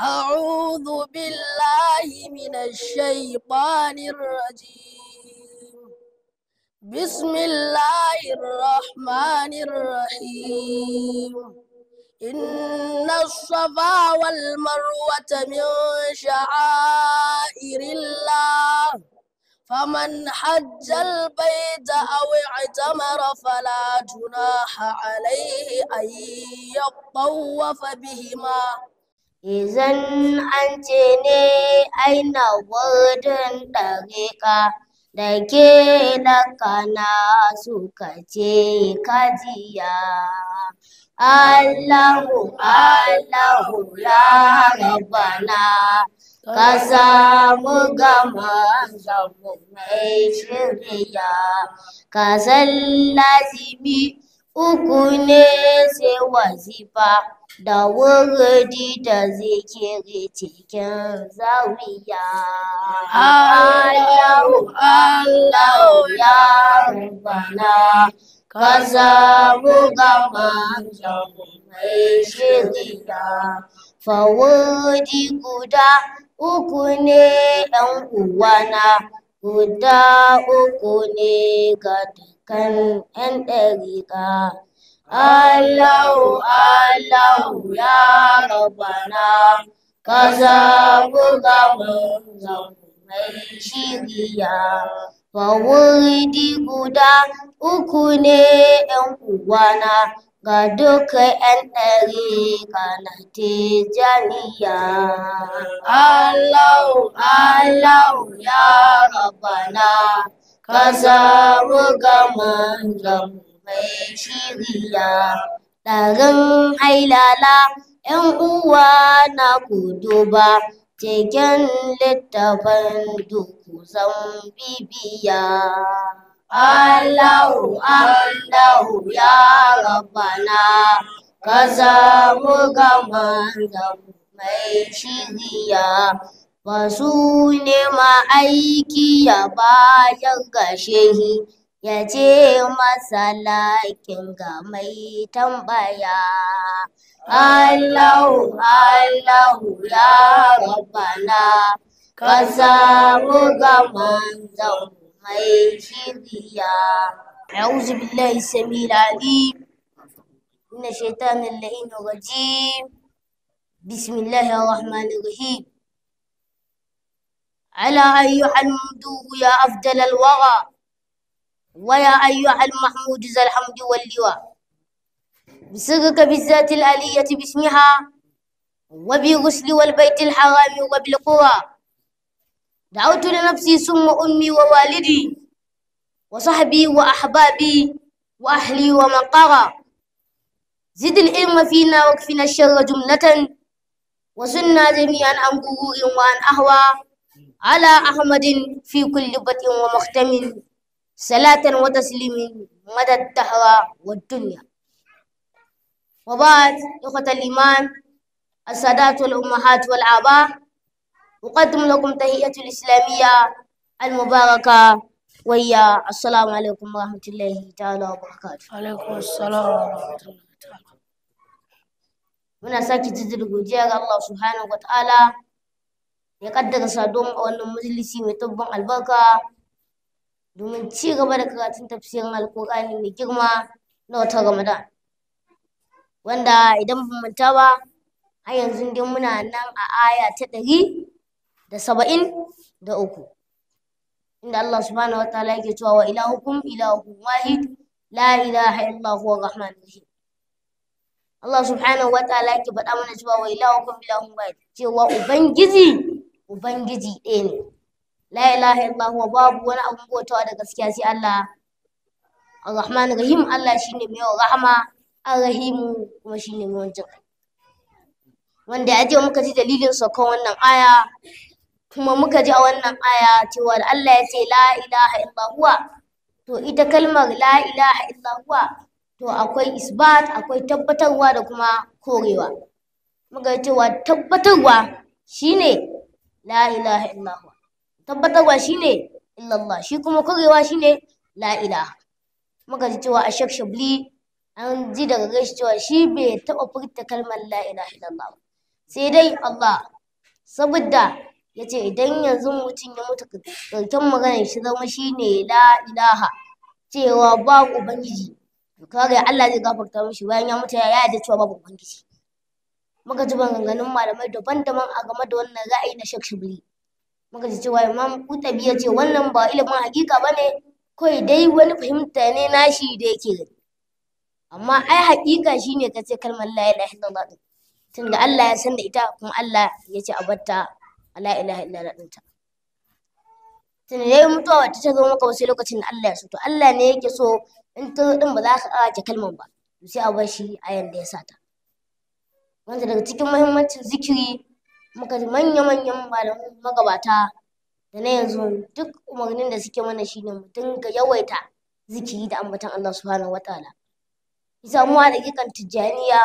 أعوذ بالله من الشيطان الرجيم بسم الله الرحمن الرحيم إن الصفا والمروة من شعائر الله فمن حج البيت أو اعتمر فلا جناح عليه أن يطوف بهما Izan an ce ne aina wurin ɗariƙa da ke na suka ce kajiya. Allahu Allahu ya rabana ka samu gama zamu mai shirya ka san lazimi uku ne sai wazifa. da wurdi da zikiri cikin zauriya. Allahu Allahu ya rubana ka zamu ga manzon mai shirya. Fawudi guda uku ne ɗan uwana guda uku ne ga dukkan 'yan ɗariƙa. Allahu Allahu ya Rabbana ka zaɓi gaban mai shiriya. Fawurdi guda uku ne ‘yan kuwana, ga duka ‘yan ɗari kana tijaniya. Allahu Allahu ya Rabbana ka zaɓi gaban mai shiriya ɗarin hailala ‘yan uwa na ba, cikin littafin duku zan bibiya. Allahu Allahu ya rabbana ka samu gama da mai shiriya ba su nema aiki ya bayan gashehi. ya je masalakin ga mai tambaya. Allahu Allahu ya rabbana ka samu ga manzon mai shiriya. أعوذ بالله السميع العليم من الشيطان اللعين الرجيم بسم الله الرحمن الرحيم على أي حمد يا أفضل الورى ويا أيها المحمود ذا الحمد واللواء بسرك بالذات الآلية باسمها وبغسل والبيت الحرام وبالقرى دعوت لنفسي ثم أمي ووالدي وصحبي وأحبابي وأهلي ومن قرى زد العلم فينا واكفنا الشر جملة وزنا جميعا عن غرور وعن أهوى على أحمد في كل بطء ومختم صلاة وتسليم مدى الدهر والدنيا وبعد إخوة الإيمان السادات والأمهات والآباء أقدم لكم تحية الإسلامية المباركة وهي السلام عليكم ورحمة الله تعالى وبركاته عليكم السلام ورحمة الله تعالى muna sake jaddada الله سبحانه وتعالى يقدر صدوم ya kaddara saduwa a wannan domin ci gaba da karatun tafsirin alkur'ani mai girma na wata ramadan wanda idan ban manta ba har yanzu dai muna nan a aya ta ɗari da saba'in da uku inda Allah subhanahu wataala yake cewa wa ilahukum ilahukum wahid la ilaha illa huwa rahman rahim Allah subhanahu ta'ala yake faɗa mana cewa wa ilahukum ilahun wahid cewa ubangiji ubangiji ɗaya ne la ilaha illallah babu wani abun bautawa da gaskiya sai Allah Ar-Rahman Rahim Allah shine mai yawan rahama Ar-Rahim kuma shine mai yawan wanda ya muka ji dalilin sa saukan wannan aya kuma muka ji a wannan aya cewa da Allah ya ce la ilaha illallah to ita kalmar la ilaha illallah to akwai isbat akwai tabbatarwa da kuma korewa muka cewa tabbatarwa shine la ilaha illallah tabbatarwa shine illallah shi kuma kurewa shine la ilaha muka ji cewa a shak shabli an ji daga gaishe cewa shi bai taɓa furta kalmar la ilaha illallah sai dai Allah saboda ya ce idan yanzu mutum ya mutu karkin maganar shi zama ne la ilaha cewa babu ubangiji to kare Allah zai gafarta mishi bayan ya mutu ya yarda cewa babu ubangiji muka ji ganganin malamai daban-daban a game da wannan ra'ayi na shak shabli muka ji cewa imam kutabi ya ce wannan ba ilimin hakika ba ne kawai dai wani fahimta ne nashi da yake gani amma ai hakika shine ka ce kalmar la ilaha illallah tun tunda Allah ya san da ita kuma Allah ya ce a batta la ilaha illallah din ta tunda dai mutuwa wata ta zo maka wasu lokacin da Allah ya so to Allah ne yake so in ta din ba za ka kawace kalmar ba sai a bar shi a yanda ya sata wanda daga cikin muhimmancin zikiri muka ji manya-manyan malaman magabata da na yanzu duk umarnin da suke mana shi ne mu dinga yawaita zikiri da ambatan Allah subhanahu wataala Ki samu da kikan Tijjaniya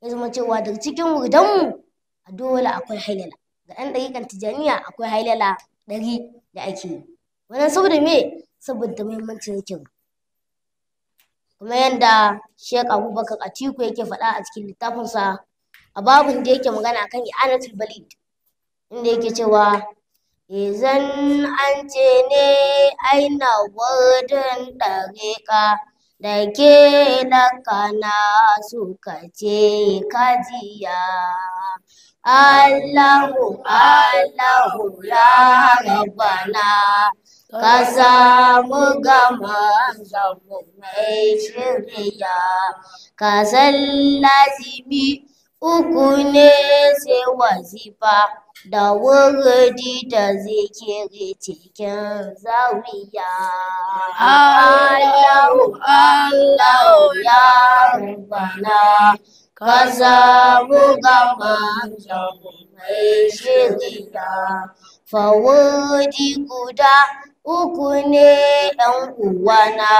ya zama cewa daga cikin wurdanmu a dole akwai hailala ga ɗan dakikan Tijjaniya akwai hailala ɗari da ake yi wannan saboda me saboda muhimmancin zikirin kuma yanda shek Abubakar Atiku yake faɗa a cikin littafinsa a babun da yake magana kan i'anatul balid inda yake cewa izan an ce ne aina wurin dareka, da ke ɗakana suka ce kajiya Allahu Allahu ya rabbana ka samu gama zamu mai shirya ka san lazimi uku ne sai da wurdi da zikiri cikin zawiya. Allahu Allahu ya rubana ka samu gama shiriya. Fawodi guda uku ne ɗan uwana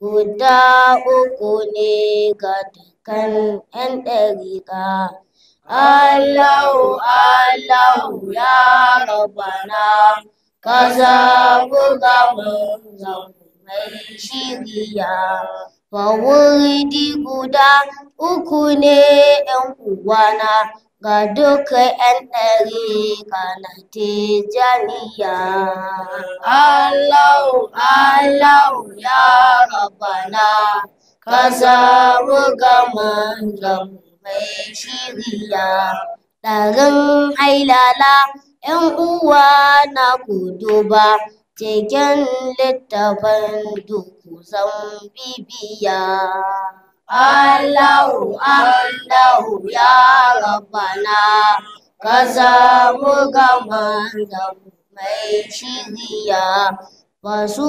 guda uku ne ga dukkan ‘yan ɗariƙa. Allahu Allahu ya rabana ka zaɓi gaban zaɓi mai shiriya. Fawurdi guda uku ne ‘yan uwana ga duka ‘yan ɗariƙa na janiya. Allahu Allahu ya rabana. ka samu gaman mai shiriya. ɗarin hailala ‘yan uwa na ba, cikin littafin duku zan bibiya. Allahu Allahu ya rabbana ka samu gaman mai shiriya. ba su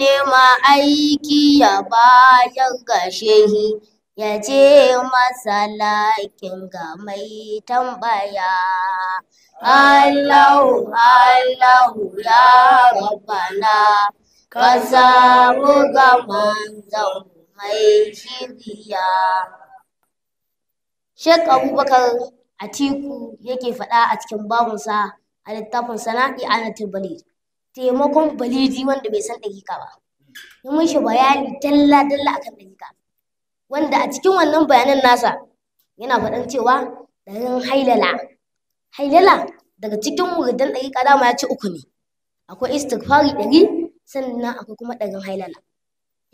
nema aiki ya bayan ga shehi ya ce masa lakin ga mai tambaya Allahu Allahu ya rabbana ka samu ga manzon mai shek Sheikh Abubakar Atiku yake faɗa a cikin babunsa a littafin sana'i Anatul Balid taimakon baliji wanda bai san dakika ba yi shi bayani dalla dalla akan dakika wanda a cikin wannan bayanan nasa yana faɗan cewa ɗarin hailala hailala daga cikin muridan ɗariƙa dama ya ce uku ne akwai istighfari ɗari sannan akwai kuma ɗarin hailala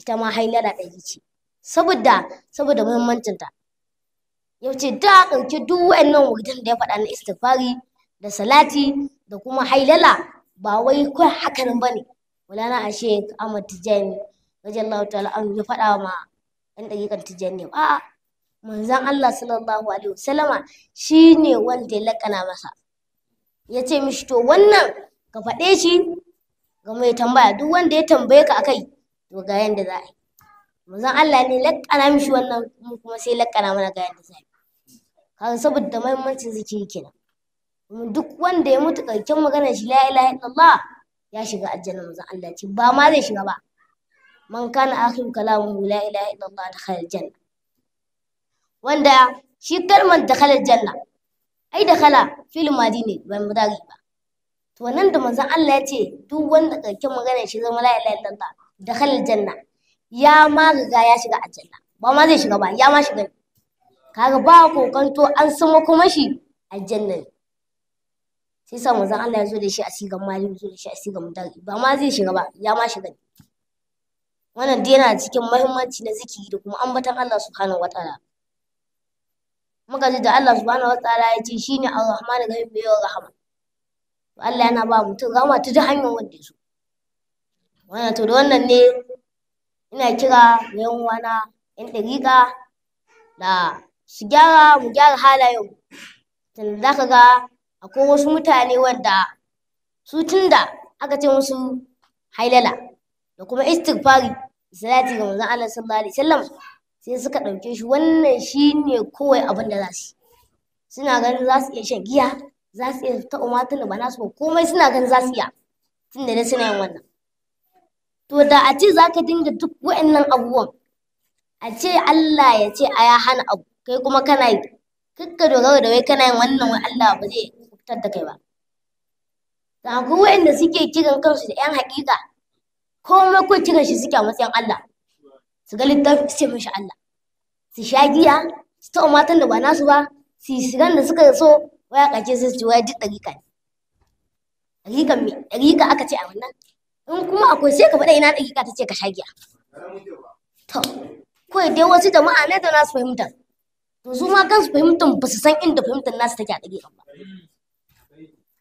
ita ma hailala ɗari ce saboda saboda muhimmancinta ya ce da ɗauki duk wa'annan wuridan da ya faɗa na istighfari da salati da kuma hailala ba wai kawai hakan ba ne mulana a shek ahmad tijjani radiyallahu ta'ala an ya faɗa ma ɗan ɗakikan ba. a manzon allah sallallahu alaihi wasallama shine wanda ya lakana masa ya ce mishi to wannan ka faɗe shi ga mai tambaya duk wanda ya tambaye ka akai to ga yanda za a yi manzon allah ne lakana mishi wannan kuma sai lakana mana ga yanda za a yi kaga saboda mahimmancin zikiri kenan duk wanda ya mutu ƙarshen maganar shi la ilaha illallah ya shiga aljanna manzon Allah ce ba ma zai shiga ba man kana akhiru kalamu la ilaha illallah dakhala janna. wanda shi kalmar dakhala janna. ai da khala fil madi ne ban dage ba to nan da manzon Allah ya ce duk wanda ƙarshen maganar shi zama la ilaha illallah dakhala janna ya ma riga ya shiga aljanna ba ma zai shiga ba ya ma shiga kaga ba kokanto an san kuma shi aljanna ne sai sa manzon Allah ya zo da shi a sigan mali zo da shi a sigan mutaki ba ma zai shiga ba ya ma shiga wannan dai yana cikin muhimmanci na zikiri da kuma ambatan Allah subhanahu wataala muka ji da Allah subhanahu wataala ya ce shine ar-rahman rahim bai wa rahama Allah yana ba mutum rahama ta hanyar wanda su wannan to da wannan ne ina kira yan wana yan dariƙa da su gyara mu gyara halayen tun za ka ga akwai wasu mutane wanda su tun da aka ce musu hailala da kuma istighfari salati ga manzon Allah sallallahu alaihi wasallam sai suka dauke shi wannan shine kowai abin da za su suna ganin za su iya shan giya za su iya ta umma tunda ba nasu su komai suna ganin za su iya tun da suna yin wannan to da a ce zaka dinga duk wa'annan abubuwan a ce Allah ya ce a ya hana abu kai kuma kana yi kakka dogara da wai kana yin wannan wai Allah ba zai cutar da kai ba da akwai wa'anda suke kiran kansu da yan haƙiƙa komai ko kiran shi suke a matsayin Allah su ga littafi su mashi Allah su sha giya su taɓa matan da ba nasu ba su yi sigan da suka so waya ƙarshe sai su ci waya duk ɗarika ne ɗarika me ɗarika aka ce a wannan in kuma akwai sai ka faɗa ina ɗariƙa ta ce ka sha giya to kawai dai wasu jama'a ne da nasu fahimtar to su ma kansu fahimtar ba su san inda fahimtar nasu take a ɗariƙa ba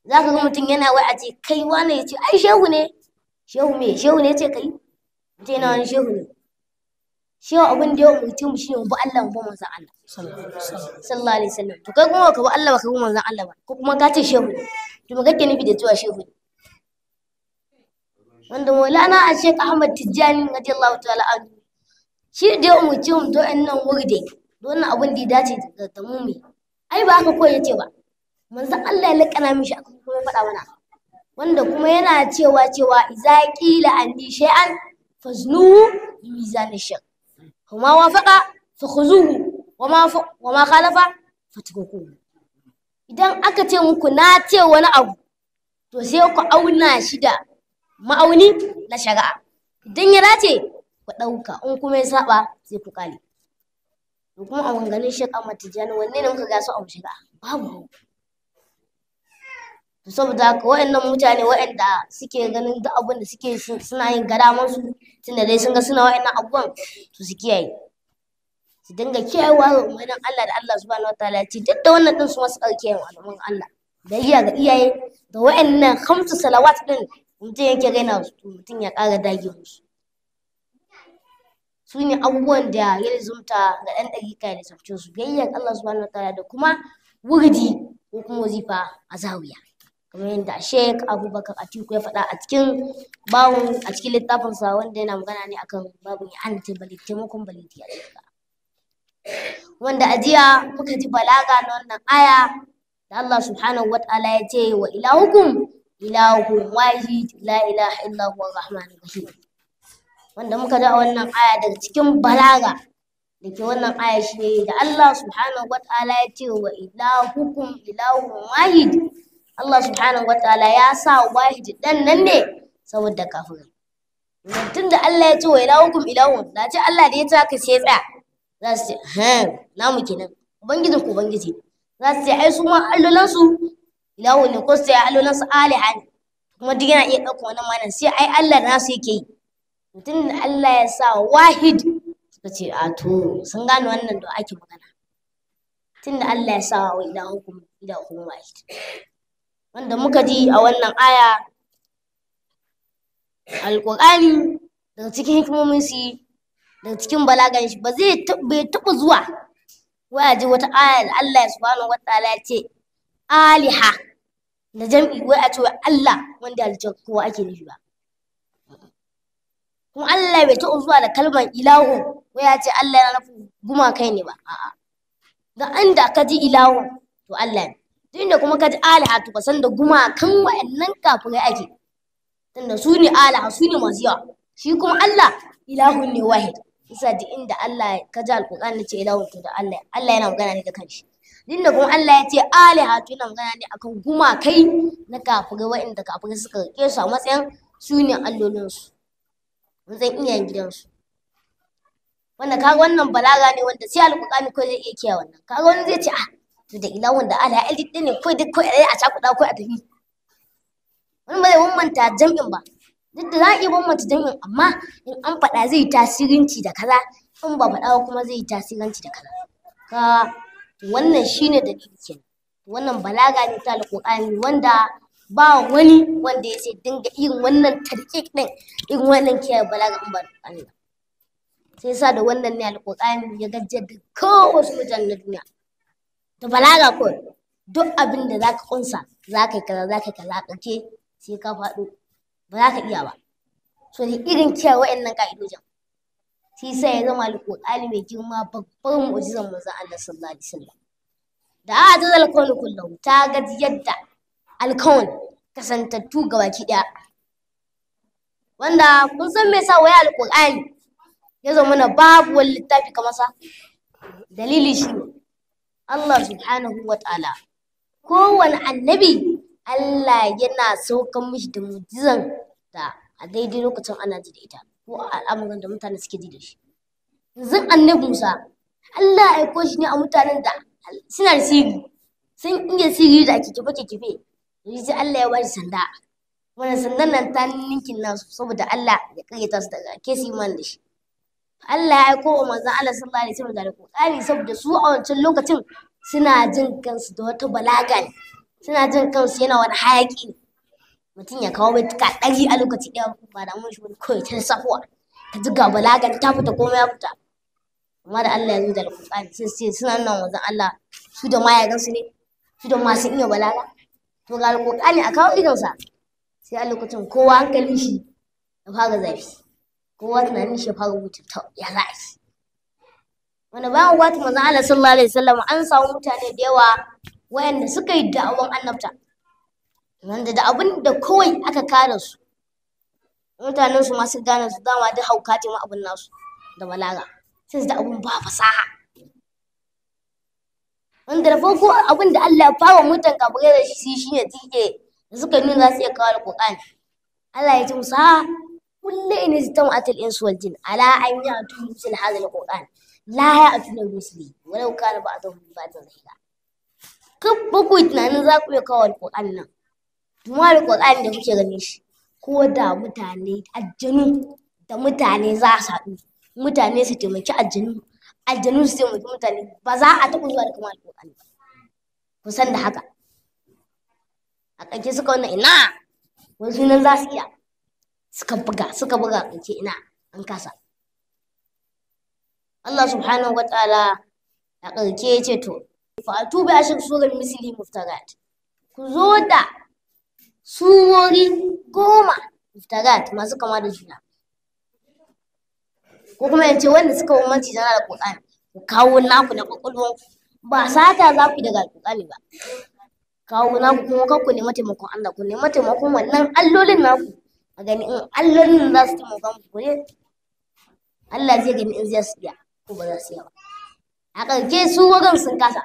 za ka ga mutum yana wai a kai wane ya ce ai shehu ne shehu me shehu ne ce kai mutum na wani shehu ne shehu abin da ya umarci mu shine mu Allah mu bi manzon Allah sallallahu alaihi wasallam to kai kuma ka ba Allah ba ka bi manzon Allah ba ko kuma ka ce shehu ne to me kake nufi da cewa shehu ne wanda Maulana a shek Ahmad Tijjani radiyallahu ta'ala anhu shi da ya umarci mu to annan wurde wannan abin da ya dace da mu me ai ba haka ko ba manzo Allah ya lakana mishi aka kuma faɗa mana wanda kuma yana cewa cewa iza qila andi shay'an faznuhu bi mizan shak kuma wafaqa fakhuzuhu wama wama khalafa fatukuhu idan aka ce muku na ce wani abu to sai ku auna shi da ma'auni na shari'a idan ya dace ku ɗauka in kuma ya saba sai ku kale kuma a wanganin shek amma wanne ne muka su a shari'a babu saboda haka waɗannan mutane wa'anda suke ganin duk abin da suke suna yin gada musu tunda dai sun ga suna wa'annan abubuwan to su kiyaye su dinga kiyayewa umarnin Allah da Allah subhanahu wataala ya ce duk da wannan din su masu ɗauke yin alamun Allah da iya ga iyaye da waɗannan hamsu salawat din mutum yake gaina su mutum ya ƙara dage musu su ne abubuwan da ya zumta ga ɗan ɗaƙiƙa da sabcin su gayyan Allah subhanahu wataala da kuma wurdi ko kuma wazifa a zawiya kamar yadda Sheikh Abubakar Atiku ya faɗa a cikin bawon a cikin littafinsa wanda yana magana ne akan ya i'anati bali taimakon bali ya cikin wanda a jiya muka ji balaga na wannan aya da Allah subhanahu wataala ya ce wa ilahukum ilahukum wahid la ilaha illa huwa rahmanur rahim wanda muka ji a wannan aya daga cikin balaga da ke wannan aya shi ne da Allah subhanahu wataala ya ce wa ilahukum ilahun wahid Allah subhanahu wataala ya sa wahid dan nan ne saboda kafirai tun da Allah ya ce wa ila ilahun da ce Allah da ya ce ka sai tsaya za su ce ha namu kenan ubangijin ku ubangiji za su ce ai su ma allolan su ilahun ne ko su ce allolan su aliha ne kuma duk yana iya ɗaukar wannan manan sai ai Allah na su yake yi tun da Allah ya sa wahid suka ce a to sun gane wannan da ake magana tun da Allah ya sa wa ila ilahun wahid wanda muka ji a wannan aya alƙur'ani daga cikin hikimomin shi daga cikin balagan shi ba zai bai taɓa zuwa waya ji wata aya da Allah ya subhanahu ta'ala ya ce aliha da jam'i wai a ce wa Allah wanda halittar kowa ake nufi ba kuma Allah bai taɓa zuwa da kalmar ilahu wai ya ce Allah yana nufin gumakai ne ba a'a da an da ka ji ilahu to Allah ne tunda kuma ka ji alaha to san da gumakan wa'annan kafirai ake tunda su ne alaha su ne masu yawa shi kuma Allah ilahun ne wahid isa duk inda Allah ka ji alƙur'ani ce ilahun to da Allah Allah yana magana ne da kanshi inda kuma Allah ya ce alaha to yana magana ne akan gumakai na kafirai wa'inda kafirai suka rike su a matsayin su ne allolinsu iya iyayen gidansu wanda kaga wannan balaga ne wanda sai alƙur'ani ko zai iya kiyaye wannan kaga wani zai ce ah to da ila wanda ala ya ɗin ne ko duk ko a cakuɗa ko a tafi wani ba zai bambanta jam'in ba duk da za a iya bambanta jam'in amma in an faɗa zai yi tasirinci da kaza in ba faɗa ba kuma zai yi tasiranci da kaza ka wannan shine da kenan wannan balaga ne ta alƙur'ani wanda ba wani wanda ya sai dinga irin wannan tarkik din irin wannan kiyaye balaga in ba Allah sai sa da wannan ne alƙur'ani ya gajjar da kowace mutane na duniya ta balaga ko duk abin da zaka kunsa zaka yi kaza zaka kaza kake sai ka faɗo ba za ka iya ba so ni irin cewa wa'annan ka'idojin Sai sai ya zama alƙur'ani mai girma babbar mu'jizan manzo Allah sallallahu alaihi wasallam da a ta zalkon kullum ta ga yadda alkawun kasantattu ga baki ɗaya wanda kun san me sa waya alƙur'ani ya zama na babu wani littafi kamar sa dalili shi ne Allah subhanahu wa ta'ala kowane annabi Allah yana saukan mishi da mujizan da a daidai lokacin ana ji da ita ko al'amuran da mutane suke ji da shi yanzu annabi Musa Allah ya aiko shi ne a mutanen da suna da sirri sun iya sirri da ake kife kife yanzu Allah ya bari sanda wani sandan nan ta ninkin nasu saboda Allah ya karyata su daga kesi man da shi Allah ya koma wa manzon Allah sallallahu alaihi wasallam da Qur'ani saboda su a wancan lokacin suna jin kansu da wata balaga ne suna jin kansu yana wani hayaki mutum ya kawo baituka ɗari a lokaci ɗaya ba da mun shi wani kawai ta safuwa ta ji ga balaga ta fita komai ya fita amma da Allah ya zo da Qur'ani sai sai suna nan manzon Allah su da mayakan su ne su da masu iya balaga to ga Qur'ani a kawo idan sa sai a lokacin kowa hankali shi ya fara zafi kowa tunanin shi fara rubuta to ya za shi wani bayan wata manzo Allah sallallahu alaihi wasallam an samu mutane da yawa wayanda suka yi da'awan annabta wanda da abin da kawai aka kare su mutanen su masu gane su dama da hauka ce ma abin nasu da balaga sai su da abin ba fasaha wanda da farko abin da Allah ya fara mutan kafirai da shi shi ne tike da suka nuna za su iya kawo alƙur'ani Allah ya ce musa كل إن اجتمعت الإنس والجن على أن يأتوا مثل هذا القرآن لا يأتون مثله ولو كان بعضهم بعضا ظهيرا كم بكو tunanin za ku iya kawo alƙur'an nan kuma alƙur'an da kuke gani shi ko da mutane aljanu da mutane za a sadu. mutane su taimaki aljanu aljanu su taimaki mutane ba za a taɓa zuwa da kamar alƙur'ani ba kusan da haka a ƙarshe suka wannan ina wasu nan za su iya suka buga suka buga in ce ina an kasa Allah subhanahu wa ta'ala a ƙarke ya ce to fatu bi ashir surar misili muftarat ku zo da surori goma muftarat masu kama da juna ko kuma yace wanda suka umarci sana da Qur'ani ku kawo naku na kwakwalwa ba sata za ku daga Qur'ani ba kawo naku kuma kakku ne mataimakon Allah ku ne mataimakon wannan allolin naku a gani in Allah nan za su taimaka mu ko ne Allah zai gani in zai su ko ba za su iya ba a ƙarshe su wagan sun kasa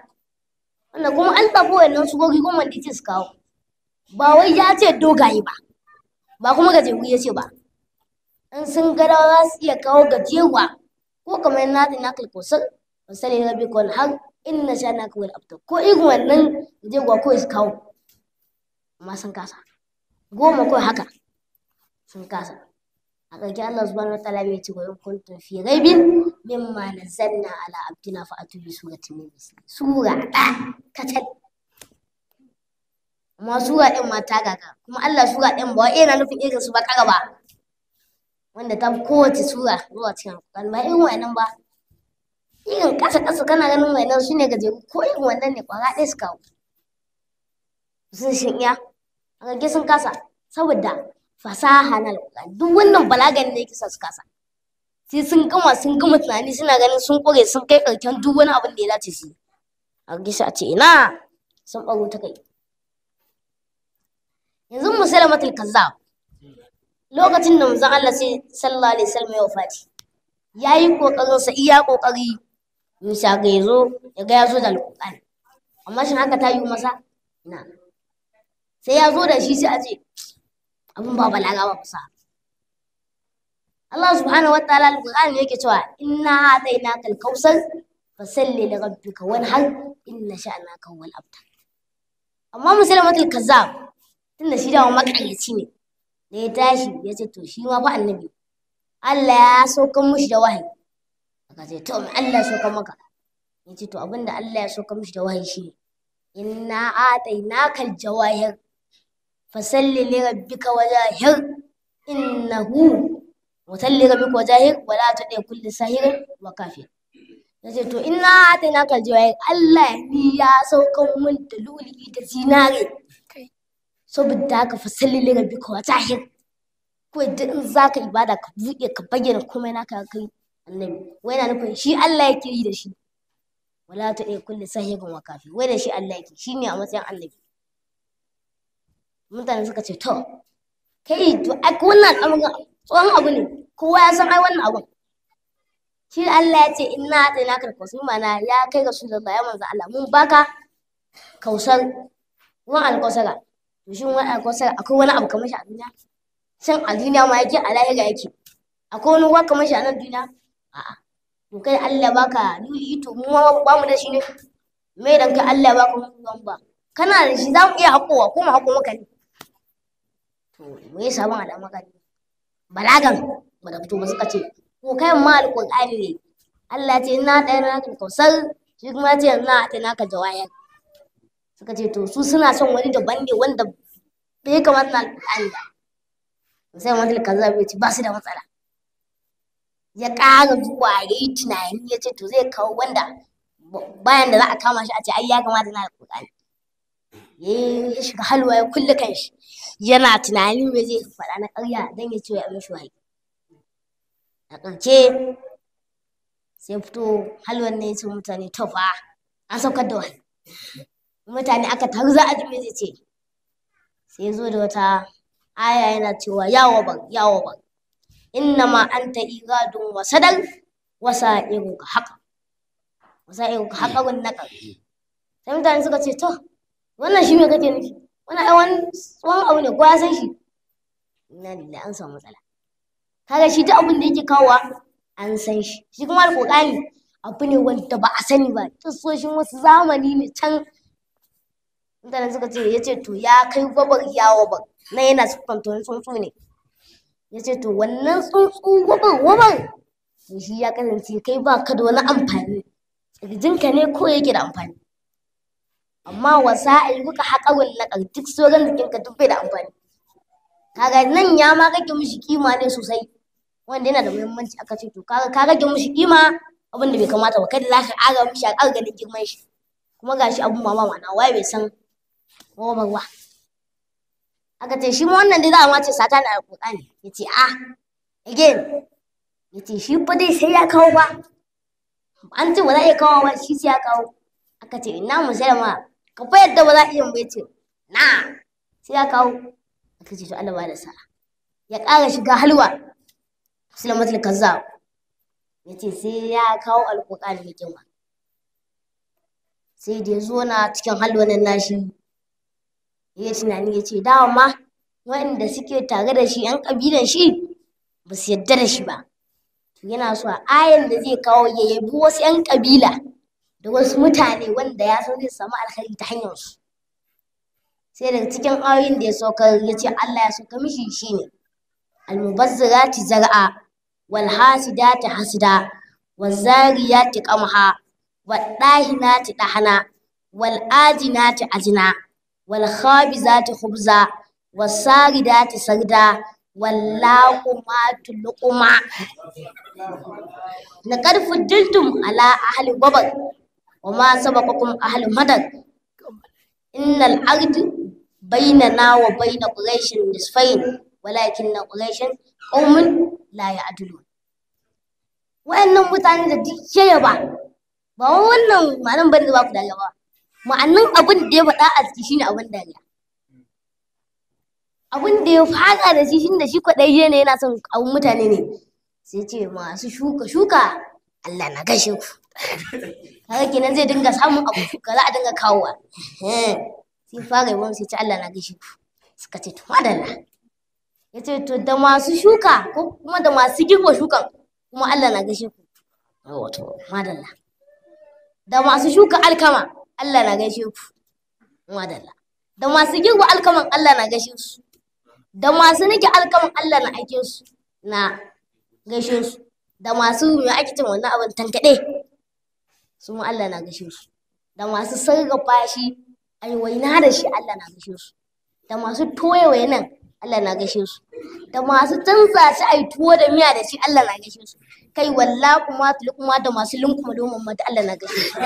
wanda kuma an tafi wannan su gogi kuma da ce su kawo ba wai ya ce dogaye ba ba kuma gajeru ya ce ba in sun gada za su iya kawo gajewa ko kamar na ta nakal kosar misali na bikon har in na sha na kawai abta ko irin wannan gajewa ko su kawo amma sun kasa goma ko haka sun kasa a ƙarshe Allah subhanahu wataala mai ce wa in kuntum min ma na zanna ala abdina fa atu su suratin min sura ɗa kacal amma sura ɗin ma ta gaga kuma Allah sura ɗin ba wai yana nufin irin su ba ƙara ba wanda ta kowace sura zuwa cikin alƙur'ani ba irin wa'annan ba irin ƙasa ƙasa kana ganin wa'annan su ne gajeru ko irin wannan ne ƙwara ɗaya su kawo sun shi iya a sun kasa saboda fasaha na alƙur'ani duk wannan balagan ne yake sa su kasa sai sun gama sun gama tunani suna ganin sun kore sun kai ƙarshen duk wani abin da ya dace su a gisa a ce ina sun baro ta kai yanzu musalamatul kazzab lokacin da manzon Allah sai sallallahu alaihi wasallam ya wafati yayi kokarin sa iya kokari in sha ga yazo ya ga yazo da alƙur'ani amma shin haka ta yi masa na sai ya zo da shi sai a ce abin ba balaga ba kusa Allah subhanahu wataala alqur'ani yake cewa inna hadainaka alkausar fasalli li rabbika wanhar inna sha'naka huwal abtar amma musulmatul kazzab tunda shi da makaryaci ne da ya tashi ya ce to shi ma fa annabi Allah ya saukan mushi da wahayi aka ce to Allah ya saukan maka ya ce to abinda Allah ya saukan mushi da wahayi shi inna atainaka aljawahir fasalli li rabbika wajahir innahu musalli rabbika wajahir wala tudi kulli sahirin wa kafir nace to inna atayna kal jawahir Allah ya saukan mun da luli da zinare saboda haka fasalli li rabbika wajahir ko in zaka ibada ka buɗe ka bayyana komai naka kai annabi wai na nufin shi Allah yake yi da shi wala tudi kulli sahirin wa wai da shi Allah yake ne a matsayin annabi mutane suka ce to kai to ai wannan abun tsohon abu ne kowa ya san ai wannan abun shi Allah ya ce inna atayna ka kausar mana ya kai ga rasulullah ya manzo Allah mun baka kausar ruwan alkausara to shin ruwan akwai wani abu kamar shi a duniya shin a duniya ma yake a lahira yake akwai wani wa kamar shi a nan duniya a'a to kai Allah baka nuni to mu ma ba mu da shi ne mai dan kai Allah baka mu ba kana da shi za mu iya hakowa ko mu hako maka ne me ya samu da magani balagan ba da fito ba suka ce ko kai ma alqur'ani ne Allah ce ina ɗaya na ka kausar shi kuma ce na ta naka jawayar suka ce to su suna son wani daban ne wanda bai kamata na alqur'ani ba sai wani kaza bai ce ba su da matsala ya ƙara zuwa ya yi tunani ya ce to zai kawo wanda bayan da za a kama shi a ce ai ya kamata na alqur'ani ya shiga halwa ya kulle kanshi yana tunanin me zai faɗa na ƙarya don ya ce ya amshi waye a ƙarshe sai fito halwar ne sun mutane ta fa an saukar da wani mutane aka taru za a ji zai ce sai zo da wata aya yana cewa yawo ban yawo ban ma an ta wa sadar wasa irin ka haka wasa irin ka haka wani naƙar. sai mutane suka ce to wannan shi me kake nufi wani wani abu ne kowa san shi na da an samu matsala kaga shi duk abin da yake kawowa an san shi shi kuma alƙur'ani abu ne wanda ba a sani ba kissoshin wasu zamani ne can mutane suka ce ya ce to ya kai gwabar ya wabar na yana siffanta wani tsuntsu ne ya ce to wannan tsuntsu gwabar wabar shi ya kasance kai ba ka da wani amfani ƙirjinka ne ko yake da amfani amma wasa'il muka haƙawin naƙal duk sauran jikinka duk bai da amfani kaga nan ya ma rage mishi kima ne sosai wanda yana da muhimmanci aka ce to kaga ka rage mishi kima abin da bai kamata ba da zaka ƙara mishi a ƙara ganin girman shi kuma gashi abun mama mana waye bai san robarwa. ba aka ce shi wannan dai za a ma ce na a ne ya ce a ah, again ya ce shi ba dai sai ya kawo ba an ce ba za a iya kawo ba shi sai ya kawo aka ce ina musulma ka fa yadda ba za a iya bai ce na sai ya kawo A ce to Allah ba da sa'a ya ƙara shiga halwa sulaimatul kazzab ya ce sai ya kawo alƙur'ani mai kyau. sai da ya zo na cikin halwanin nashi ya tunani ya ce dama waɗanda suke tare da shi 'yan ƙabilan shi ba su yarda da shi ba yana so a ayan da zai kawo ya yabi wasu 'yan ƙabila da wasu mutane wanda ya san zai samu alkhairi ta hanyar su sai daga cikin ayoyin da ya saukar ya ce Allah ya sauka mishi shine almubazzirati zar'a wal hasidati hasida wal zariyati qamha wal dahinati dahana wal ajinati ajina wal khabizati khubza was saridati sarda واللاقمات لقما لقد فضلتم على أهل ببر وما سبقكم أهل مدد إن العقد بيننا وبين قريش نصفين ولكن قريش walakin لا يعدلون وأن ya'dilun دي شيء da ya yaba ba wannan malam bane ba ku dariya ma'annin abin da ya faɗa a ciki shine abin dariya abin da ya faɗa da shi shine da shi kwaɗayye ne yana son abin mutane ne sai ce masu shuka shuka Allah na gashe ku haka kenan zai dinga samun abu ka za a dinga kawowa eh, sai fara yawan sai ci Allah na gaishe ku suka ce to madalla ya ce to da masu shuka ko kuma da masu girba shukan kuma Allah na gaishe ku wato madalla da masu shuka alkama Allah na gaishe ku madalla da masu girba alkaman Allah na gaishe su da masu nake alkaman Allah na aike su na gaishe su da masu me ake cin wannan abin tankade. su mu Allah na gashe su da masu sarrafa shi ai waina da shi Allah na gashe su da masu toye wainan Allah na gashe su da masu canza shi ai tuwo da miya da shi Allah na gashe su kai walla kuma kuma da masu linkuma domin mata Allah na gashe su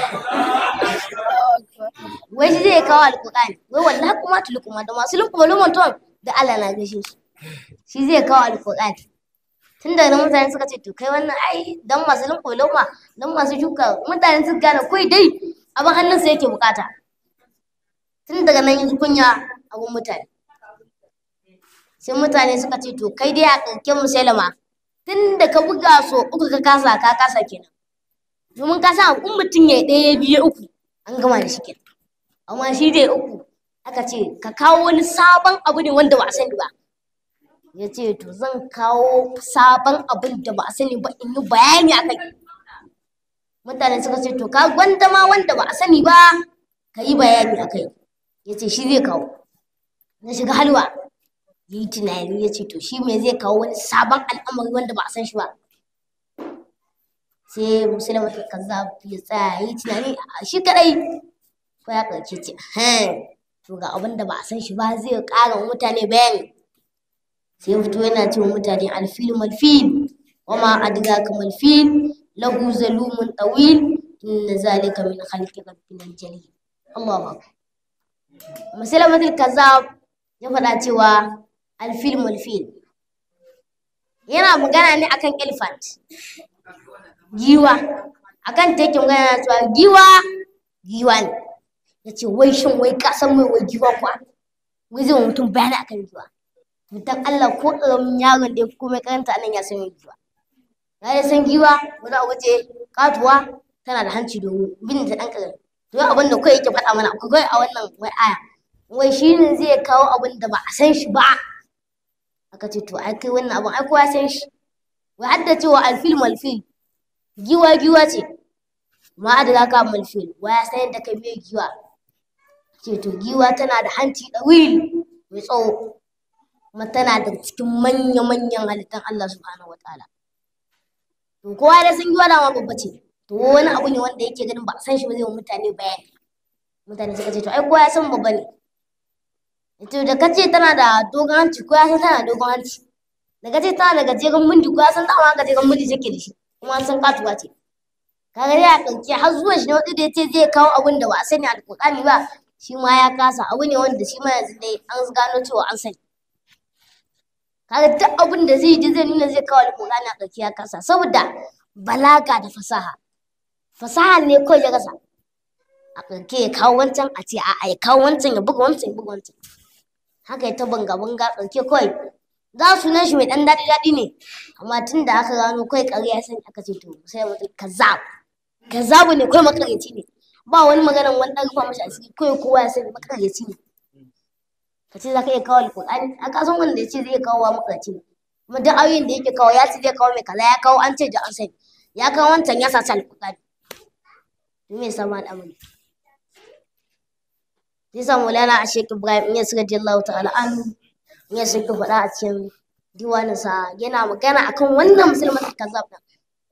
wai shi zai kawo alƙur'ani wai walla kuma kuma da masu linkuma da ton da Allah na gashe su shi zai kawo alƙur'ani tun daga mutane suka ce to kai wannan ai dan masu linko ma dan masu shuka mutane suka gane kai dai abin su yake bukata tun daga nan yanzu kunya a gun mutane sai mutane suka ce to kai dai a ƙarƙen musulma tun da ka buga so uku ka kasa ka kasa kenan domin ka san in mutum ya ɗaya biyu uku an gama da shi kenan amma shi dai uku aka ce ka kawo wani sabon abu ne wanda ba a sani ba ya ce to zan kawo sabon abin da ba a sani ba in yi bayani a kai mutane suka ce to ka gwanda ma wanda ba a sani ba ka yi bayani a kai ya ce shi zai kawo na shiga halwa ya yi tunani ya ce to shi me zai kawo wani sabon al'amari wanda ba a san shi ba sai musulma ta kaza ya tsaya ya yi tunani shi kadai ko ya ƙarshe ce to ga abin da ba a san shi ba zai ƙara mutane bayani sai fito yana ce wa mutane alfil malfil wa ma ka malfil lahu zalumun tawil inna zalika min khalqi rabbil jalil Allahu akbar musulmatul kazzab ya faɗa cewa alfil malfil yana magana ne akan elephant giwa akan take magana cewa giwa giwa ne yace wai shin wai kasan mai wai giwa kwa wai zai mutum bayani akan giwa dan Allah ko ƙaramin yaron da ko mai karanta anan ya san giwa ya san giwa wani a waje katuwa tana da hanci domin bin ta ɗan ƙarar. to yau abin da kawai yake faɗa mana akwai a wannan wai aya wai shi ne zai kawo abin da ba a san shi ba aka ce to ai kai wannan abin ai kowa san shi wai har da cewa alfil malfil giwa giwa ce ma da za ka malfil wai ya san yadda kai mai giwa ce to giwa tana da hanci ɗawil mai tsawo kuma tana daga cikin manya-manyan halittun Allah subhanahu wa ta'ala to kowa da sun yi wa ma babba ce to wani abu ne wanda yake ganin ba a san shi ba zai wa mutane bayani mutane suka ce to ai kowa ya san babba ne to da kace tana da dogon hanci kowa ya san tana da dogon hanci da kace tana da gajeren mundi kowa ya san tana da gajeren mundi take da shi kuma an san katuwa ce ga dai a ɗauke har zuwan shi na wadu da ya ce zai kawo abin da ba a sani alƙur'ani ba shi ma ya kasa abu ne wanda shi ma yanzu dai an gano cewa an sani kaga duk abin da zai ji zai nuna zai kawo alƙur'ani a ɗauki ya kasa saboda balaga da fasaha fasaha ne kawai ya kasa a ƙarke ya kawo wancan a ce a'a ya kawo wancan ya buga wancan ya buga wancan haka ya ta banga banga ɗauke kawai za su nan shi mai ɗan daɗi daɗi ne amma tun da aka gano kawai ƙarya san aka ce to sai mutum kazabu kazabu ne kawai makarici ne ba wani maganar wani ɗan rufa mashi ciki kawai kowa ya sani makarici ne ka ce za ka iya kawo alƙur'ani a kasan wanda ya ce zai kawo wa maka ce kuma duk ayoyin da yake kawo ya ce zai kawo mai kaza ya kawo an ce da an sani ya kawo wancan ya sace alƙur'ani to me sama ma al'amari zai sa mulana a shek ibrahim in ya suka jallahu ta'ala an in ya suka faɗa a cikin diwaninsa yana magana akan wannan musulman kaza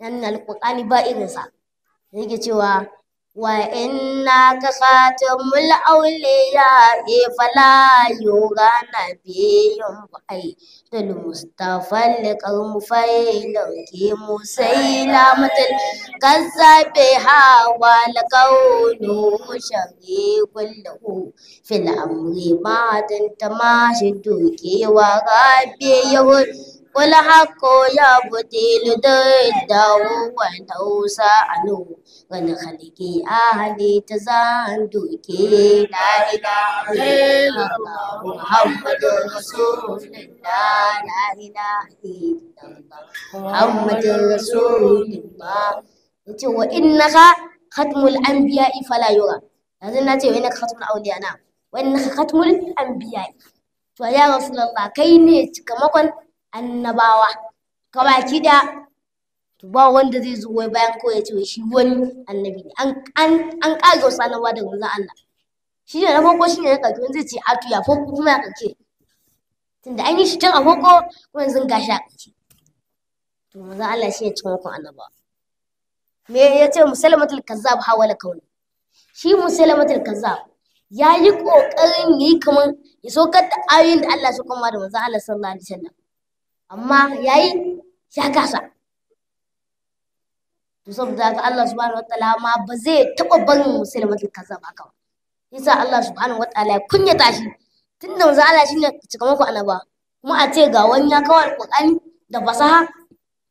nan nan alƙur'ani ba irinsa yake cewa وإنك خاتم الأولياء فلا يغان بهم وحي المصطفى لقوم فيلك مسيلمة كذبها والقول شقيق له في الأمر ما تماشدك وغابيه والحق يبطل ضده وتوسع عنه ونخلقي أهلي تزاندوكي لا إله إلا الله محمد رسول الله لا إله إلا الله محمد رسول الله أنت وإنك ختم الأنبياء فلا يرى هذا الناتي وإنك ختم الأولياء نعم وإنك ختم الأنبياء فيا رسول الله كيني كما كن النبوة كما كده to ba wanda zai zo wai bayan kawai ya ce shi wani annabi ne an an an kage wasu annabawa daga manzon Allah shi ne na farko shi ne na ƙarshe wani zai ce atu ya farko kuma ya ƙarshe tunda an yi shi tun a farko kuma yanzu gashi a ƙarshe to manzon Allah shi ne cikakken annaba me ya ce musalamatul kazzab hawala kauni shi musalamatul kazzab ya yi ƙoƙarin ya yi kamar ya saukar da ayoyin da Allah su kama da wanzan Allah sallallahu alaihi wasallam amma ya yi ya kasa to saboda haka Allah subhanahu wataala ma ba zai taɓa barin musulmatul kazzab haka ba yasa Allah subhanahu wataala ya kunyata shi tunda manzo Allah shine cikamakon annaba kuma a ce ga wani ya kawo alƙur'ani da fasaha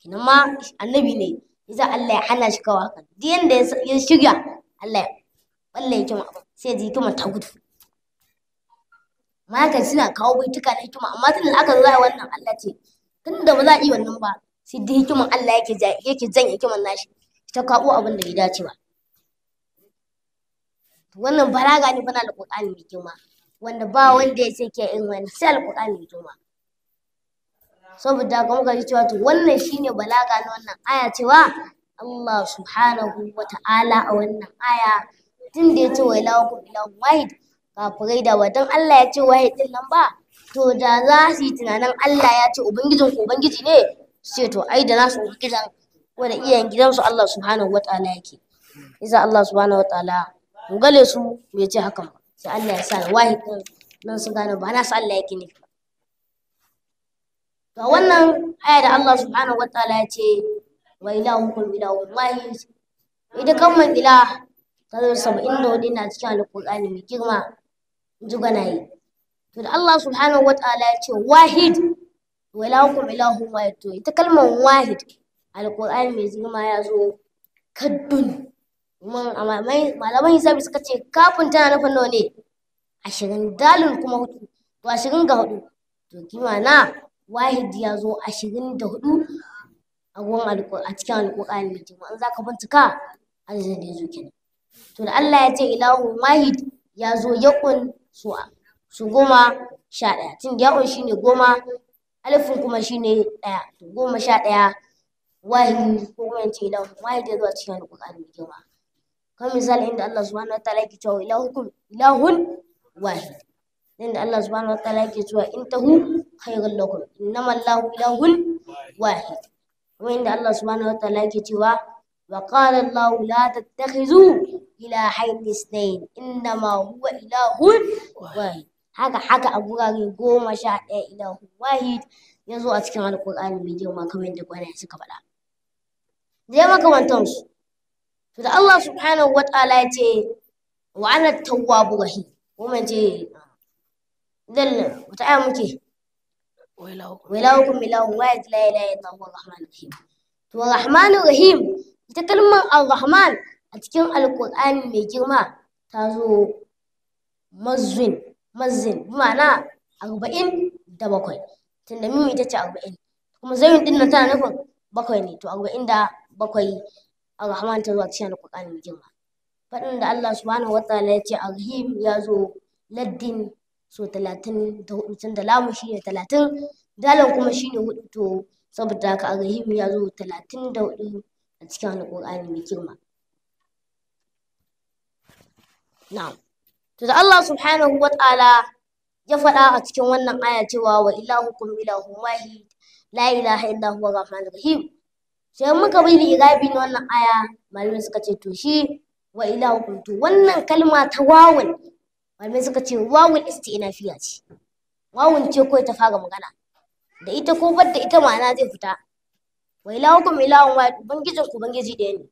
kinan ma annabi ne yasa Allah ya hana shi kawo haka duk yanda ya shirya Allah ya balle hikima abin sai ji hikima ta gudu maka suna kawo baituka na hikima amma tunda aka zo za wannan Allah ce tun da ba za a yi wannan ba sai duk hikiman Allah yake yake jan hikiman nashi ta kawo abin da ya dace ba wannan balaga ne bana da Qur'ani mai girma wanda ba wanda ya ce ke in wani sai alƙur'ani mai girma saboda ga muka ji cewa to wannan shine balaga na wannan aya cewa Allah subhanahu wa ta'ala a wannan aya tun da ya ce wa ilahukum ilahun wahid kafirai da ba don Allah ya ce wahid din nan ba to da za su yi tunanin Allah ya ce ubangijin ubangiji ne sai to ai da za su ubangijin wanda iyayen gidansu Allah subhanahu wataala yake iza Allah subhanahu wataala gale su bai ce hakan ba sai Allah ya sa wahi nan su gane ba na su Allah yake ne ga wannan aya da Allah subhanahu wataala ya ce wa ilahukum ilahun wahid ita kalmar ilah ta zo saba'in da hudu na cikin alƙur'ani mai girma in ji juganaye to da Allah subhanahu wataala ya ce wahid wa ilahukum ilahun wahid to ita kalmar wahid alkur'ani mai girma ya zo kaddun malaman hisabi suka ce kafin tana nufin nawa ne ashirin dalin kuma hudu to ashirin ga hudu to na wahidi ya zo ashirin da hudu a gurin a cikin alkur'ani mai girma an za ka bincika a zai zai zo kenan to da Allah ya ce ilahu wahid ya zo yakun su su goma sha ɗaya tun da yakun shine goma alifin kuma shine ɗaya to goma sha ɗaya wahayi ko kuma in ce ilahu wahayi da zuwa cikin alƙur'ani mai girma kamar misali inda Allah subhanahu wataala yake cewa ila hun? wahid inda Allah subhanahu wataala yake cewa in tahu khairul lakum innama Allahu ilahun wahid kuma inda Allah subhanahu wataala yake ah, cewa wa qala Allahu la tattakhizu ilahayn isnayn innama huwa ilahun wahid haka haka a gurare goma sha ɗaya ilahun wahid ya zo a cikin alƙur'ani mai girma kamar yadda gwanaye suka faɗa da makamantansu to da Allah subhanahu wa ta'ala ya ce wa ana tawwabu rahim ce je dalla wata aya muke wailahukum ilahun wahid laye laye illa huwa arrahmanur rahim to arrahmanur rahim ita kalmar rahman a cikin alqur'ani mai girma ta zo mazwin mazin ma'ana arba'in da bakwai tunda mimi ita ce arba'in kuma zayin din nan tana nufin bakwai ne to arba'in da bakwai arrahman ta zuwa cikin alƙur'ani mai girma faɗin da Allah subhanahu wataala ya ce arhim ya zo laddin so talatin da hudu tun da lamu shi ne talatin dalan kuma shi ne hudu to saboda haka arhim ya zo talatin da hudu a cikin alƙur'ani mai girma na'am to da Allah subhanahu wataala ya faɗa a cikin wannan aya cewa wa ilahukum ilahun wahi la ilaha illa huwa rahmanur rahim sai muka bi ni irabi na wannan aya malamai suka ce to shi wa ilahukum to wannan kalma ta wawun malamai suka ce wawun istinafiya ce wawun ce ko ta fara magana da ita ko bar da ita ma'ana zai fita wa ilahukum ilahu wa bangijin ku bangiji ɗaya ne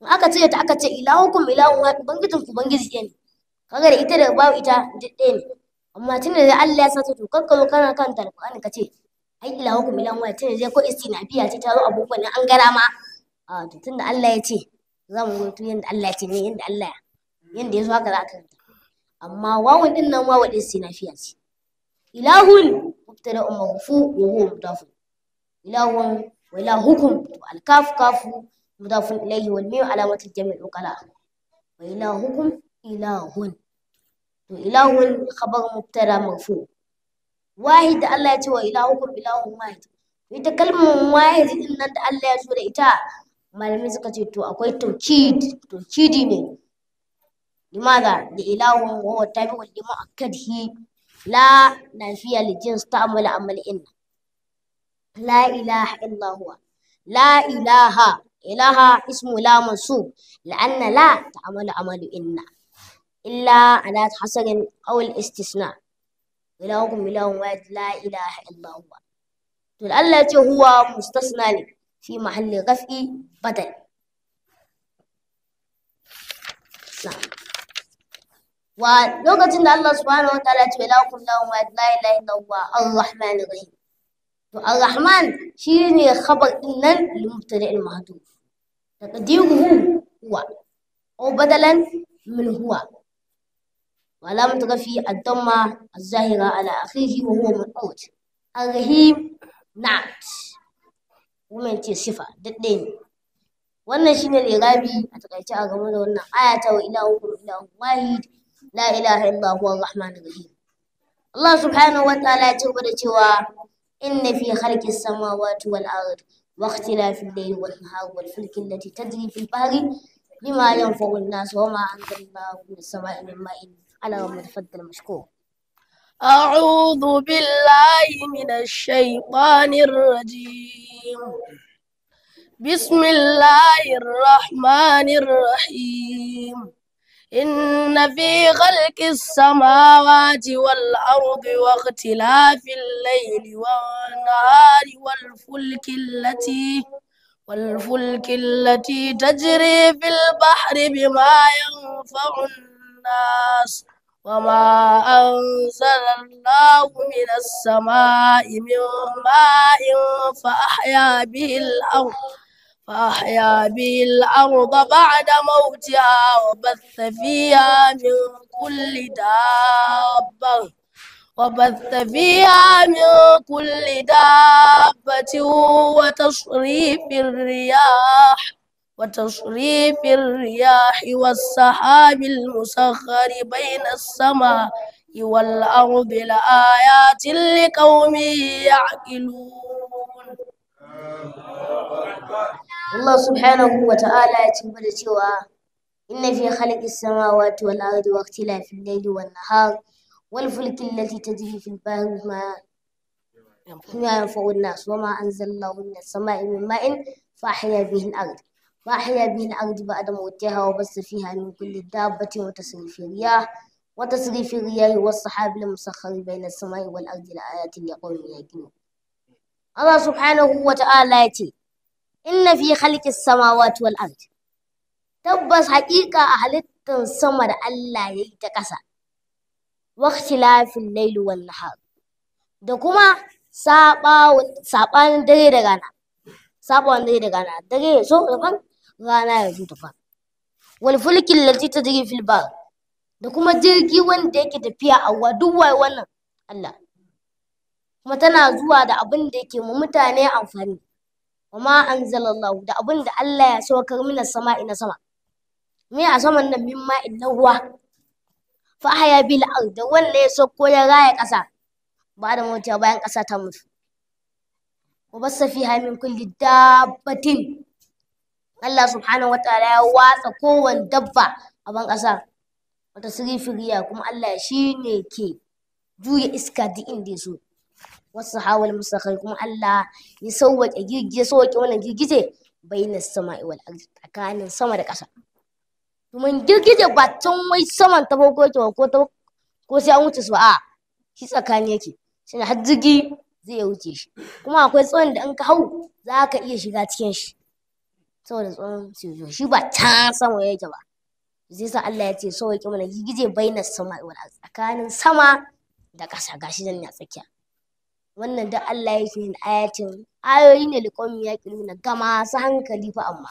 in aka ce ta aka ce ilahukum ilahu wa bangijin ku bangiji ɗaya ne kaga da ita da babu ita duk ɗaya ne amma tunda da Allah ya sa ta to kakkazo kana kan talqani kace ai ila hukum milan waya tunda dai ko istinafiya ce ta zo abubuwan nan an gara ma a to tunda Allah ya ce za mu rubuta yanda Allah ya ce ne yanda Allah ya yanda ya zo haka za ka rubuta amma wawun din nan wawun istinafiya ce ilahun mubtada ummuhu wa huwa mudafun ilahun wa ilahukum to alkaf kafu mudafun ilayhi wal mim alamatul jami'u qala wa hukum, ilahun to ilahun khabar mubtada marfu' wahid da Allah ya ce wa ilahukum ilahun wahid ita kalmar wahid din nan da Allah ya so da ita malamai suka ce to akwai tawkid tawkidi ne limaza da ilahun wa tabi'un lima akadhi la nafiya li jins ta'amala amal inna la ilaha illa huwa la ilaha ilaha ismu la mansub لأن لا تعمل عمل إن إلا hasarin حصر أو الاستثناء إلهكم إله واحد لا إله إلا هو تقول التي هو مستثنى في محل رفع بدل نعم ولغه ان الله سبحانه وتعالى تقول لكم لا اله الا هو الرحمن الرحيم الرحمن شيني خبر ان المبتدئ المهدوف تقديره هو او بدلا من هو وعلامة رفعه الضمة الظاهرة على آخره وهو منقوط الرحيم نعت ومن تي صفة wannan shine lirabi a takaice a game da wannan aya ta wa ilahukum ilahun wahid la ilaha illa huwa rahmanir rahim Allah subhanahu wa ta'ala ya ci da cewa inna fi khalqi samawati wal ard wa ikhtilafi al-layli wan nahari wal fulki allati tajri fil bahri bima yanfa'u an-nas wa ma anzalna min as-sama'i min ma'in على متفضل مشكور أعوذ بالله من الشيطان الرجيم بسم الله الرحمن الرحيم إن في خلق السماوات والأرض واختلاف الليل والنهار والفلك التي والفلك التي تجري في البحر بما ينفع الناس وما أنزل الله من السماء من ماء فأحيا به الأرض فأحيا به الأرض بعد موتها وبث فيها من كل دابة وبث فيها من كل دابة وتصريف الرياح وتصريف الرياح والسحاب المسخر بين السماء والأرض لآيات لقوم يعقلون الله سبحانه وتعالى يتبدأ سوى إن في خلق السماوات والأرض واختلاف الليل والنهار والفلك التي تجري في البحر ما ينفع الناس وما أنزل الله من السماء من ماء فأحيا به الأرض وأحيا به الأرض بعد موتها وبث فيها من كل دابة وتصريف الرياح وتصريف الرياح والسحاب المسخر بين السماء والأرض لآيات لقوم يوقنون Allah subhanahu wa ta'ala ya ce, Inna fi halƙin samawati wal ard tabbas haƙiƙa a halittar sama da Allah ya yi ta ƙasa, waktilafin laili wal nahar, da kuma dare dare ya rana ya zo ta fulkin lati ta jirgin bahr da kuma jirgi wanda yake tafiya a ruwa duk wannan Allah kuma tana zuwa da abin da yake mu mutane amfani wa an anzalallahu da abin da Allah ya saukar mina sama ina sama me a saman nan min ma'in na ruwa fa haya bil da wanda ya sauko ya raya ƙasa ba da mutuwa bayan ƙasa ta mutu wa basa fiha min kulli dabbatin Allah subhanahu wa ta'ala ya watsa kowane dabba a ban ƙasa wata sirifiriya kuma Allah shi ne ke juya iska duk inda so wasu hawal musakai kuma Allah ya sauwaƙe girgije sauwaƙe wannan girgije bainas sama'i tsakanin sama da ƙasa kuma girgije ba can wai saman ta ko ko sai an wuce su a shi tsakani yake shi har jirgi zai wuce shi kuma akwai tsawon da in ka hau za ka iya shiga cikin shi saboda tsoron su shi ba ta sama yake ba zai sa Allah ya ce so yake mana gije baina sama A tsakanin sama da ƙasa gashi nan ya tsakiya wannan da Allah yake yin ayatin ayoyi ne liqom ya na gama su hankali fa amma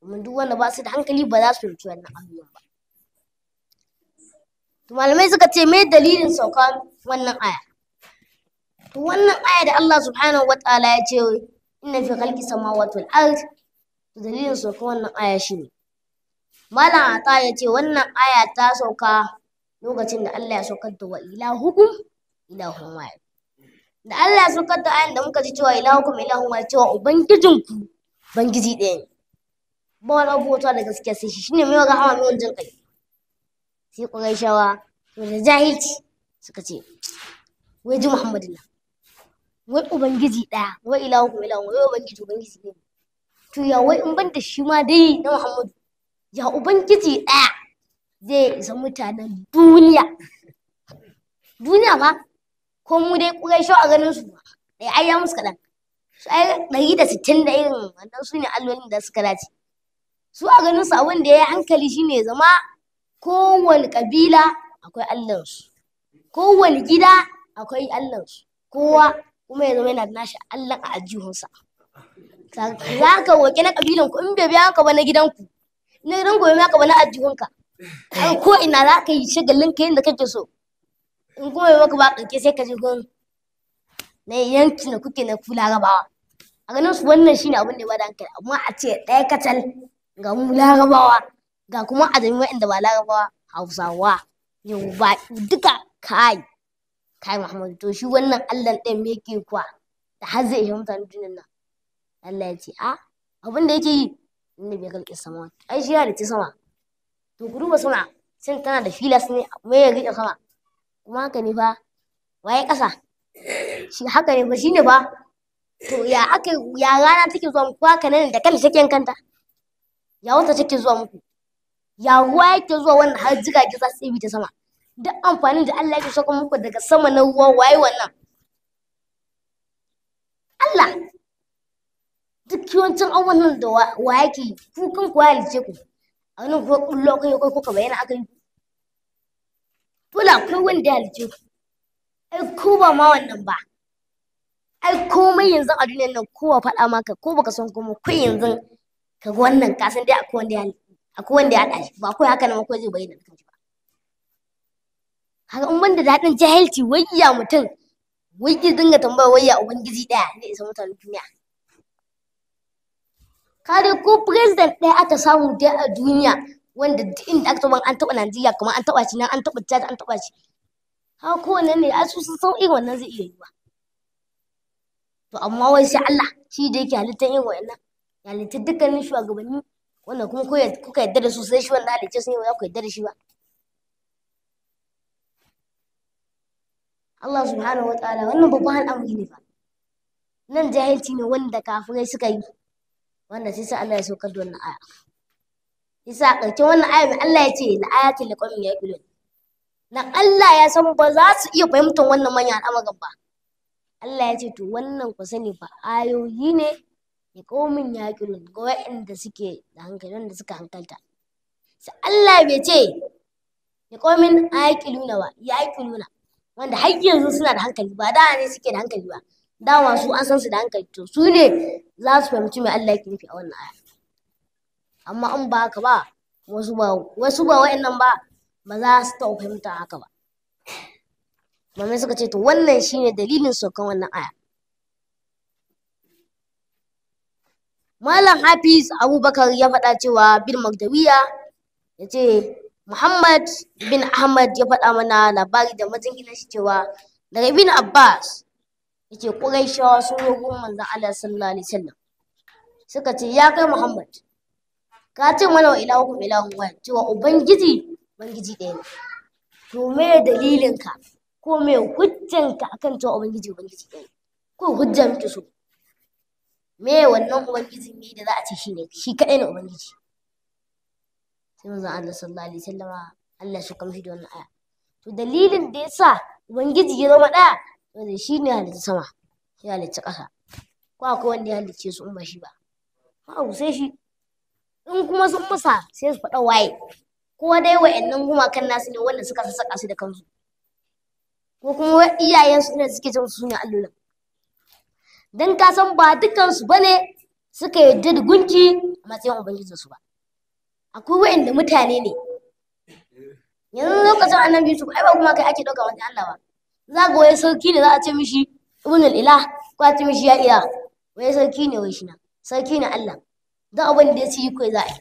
domin duk wanda ba su da hankali ba za su rutu wannan abin ba to malamai suka ce me dalilin sauka wannan aya to wannan aya da Allah subhanahu wataala ya ce inna fi khalqi samawati wal ardi dalilin sauka wannan aya shi ne malam ata ya ce wannan aya ta sauka lokacin da Allah ya saukar da wa hukum ila wahid da Allah ya saukar da ayan da muka ji cewa hukum ila wahid cewa ku ubangiji ɗaya ne ba wani abubuwa da gaskiya sai shi shine mai waga hawa mai jin kai sai shawa to da jahilci suka ce wai ji muhammadu na wai ubangiji ɗaya wai ila ilahun wai ubangiji ubangiji ne to ya wai in ban da shi ma dai na Muhammadu ya ubangiji ɗaya zai isa mutanen duniya duniya ba ko mu dai ƙuraisho a ganin su ai eh, ai ya musu kaɗan su ai ɗari da sittin da irin wannan su ne allolin da suka dace su a ganin su abin da ya yi hankali shine zama kowane ƙabila akwai allansu kowane gida akwai allansu kowa kuma ya zama yana da nashi allan a ajihunsa. za ka roƙi na ƙabilan ku in bai biya ka ba na gidanku na gidan gobe ma ka ba na ajihunka an ko ina za ka yi shagalin ka yadda kake so in kuma maka ba ɗauke sai ka je gon na yanki na kuke na kula rabawa a ganin su wannan shine abin da ya bada hankali amma a ce ɗaya kacal ga mu larabawa ga kuma azumi waɗanda ba larabawa hausawa ba duka kai kai muhammadu to shi wannan allan ɗin me yake kuwa da har zai iya mutane nan Allah ya ce a abin da yake yi inda bai kalƙi sama ai shi ya halitta sama to ku duba sama sun tana da filas ne me ya riƙe sama kuma haka ne fa waye ƙasa shi haka ne fa shi ne fa to ya aka ya rana take zuwa muku haka ne da kanta take kanta ya wata take zuwa muku ya ruwa yake zuwa wannan har jirage za su yi ta sama duk amfanin da Allah yake saka muku daga sama na ruwa waye wannan Allah duk yawancin abubuwan da wa yake ku kan ku halice ku a nan kuwa kullo kai kai kuka bayyana aka yi dole akwai wanda ya halice ku ai ko ba ma wannan ba ai komai yanzu a duniyar nan kowa faɗa maka ko baka san kuma kai yanzu ka ga wannan ka san dai akwai wanda ya akwai wanda ya haɗa ba kawai haka nan ko zai bayyana kan ba haka in banda daɗin jahilci wayya mutum wai ki dinga tambaya wayya ubangiji ɗaya ne isa mutanen duniya kare ko president ɗaya aka samu dai a duniya wanda duk inda aka taɓa an taɓa Najeriya kuma an taɓa shi nan an taɓa jaji an taɓa shi ha wannan ne asu sun san irin wannan zai iya yi ba. to amma wai sai Allah shi da yake halittar irin wannan ya halitta dukkanin shugabanni wannan kuma kuka yarda da su sai shi wanda halitta sun yi wa za ku yarda da shi ba Allah subhanahu wa ta'ala wannan babban al'amari ne ba. nan jahilci ne wanda kafirai suka yi wanda sai sa Allah ya saukar da wannan aya isa ƙarshen wannan aya mai Allah ya ce la ayatul li qaumin yaqilun na Allah ya san ba za su iya fahimtar wannan manyan al'amarin ba Allah ya ce to wannan ku sani ba ayoyi ne li qaumin yaqilun ga waɗanda suke da hankali da suka hankalta sai Allah bai ce li qaumin yaqiluna ba yaqiluna wanda har yanzu suna da hankali ba da ne suke da hankali ba dama su an san su da hankali to su ne za su fahimci mai Allah yake nufi a wannan aya amma in ba haka ba wasu ba wasu ba wa'annan ba ba za su ta fahimta haka ba mamai suka ce to wannan shine dalilin saukan wannan aya Malam Hafiz Abubakar ya faɗa cewa bin Magdawiya ya ce Muhammad bin Ahmad ya faɗa mana labari da mazin shi cewa daga bin Abbas yake Qurayshawa sun zo gurin manzon Allah sallallahu alaihi wasallam suka ce ya kai Muhammad ka ce mana wa ilahukum ilahun wahid cewa ubangiji ubangiji ɗaya ne to me dalilin ka ko me hujjan ka akan cewa ubangiji ubangiji ɗaya ne ko hujjan ki so me wannan ubangiji ne da za a ce shi ne shi kaɗai ne ubangiji sai manzon Allah sallallahu alaihi wasallama Allah shi kamshi da wannan aya to dalilin da yasa ubangiji ya zama ɗaya wanda shi ne halitta sama shi halitta ƙasa ko akwai wanda ya halicce su umma shi ba ba sai shi in kuma sun musa sai su faɗa waye ko dai wa'annan gumakan nasu ne wanda suka sassaƙa su da kansu ko kuma iyayensu ne suke jin su ne allolin Dan ka san ba dukansu ba ne suka yarda da gunki a matsayin su ba akwai wa'anda mutane ne yanzu lokacin annabi su ai ba kuma kai ake ɗauka wanda Allah ba za ga wai sarki ne za a ce mishi ibn al ko a ce mishi ya ilah wai sarki ne wai shi na sarki ne Allah duk abin da ya ci kai za a yi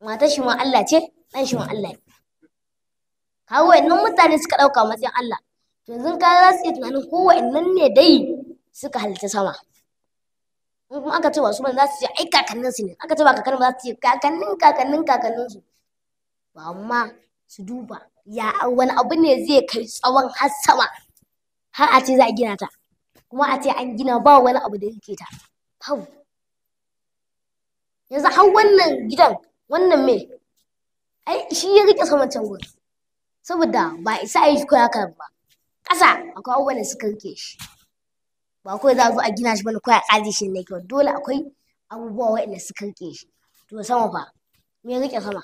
mata shi ma Allah ce dan shi ma Allah ne kawo wa'annan mutane suka ɗauka matsayin Allah to yanzu ka za su yi tunanin ko wa'annan ne dai suka halitta sama in kuma aka ce wasu ban za su ce ai kakannin su ne aka ce ba kakannin ba za su ce kakannin kakannin kakannin su ba amma su duba ya wani abu ne zai kai tsawon har sama har a ce za a gina ta kuma a ce an gina ba wani abu da yake ta hau yanzu har wannan gidan wannan me ai shi ya rike saman can gudu saboda ba isa a yi shi koya kan ba ƙasa akwai abubuwan da suka rike shi ba kawai za a zo a gina shi bane ko a shi ne kyau dole akwai abubuwa waɗanda suka rike shi to sama fa me ya rike sama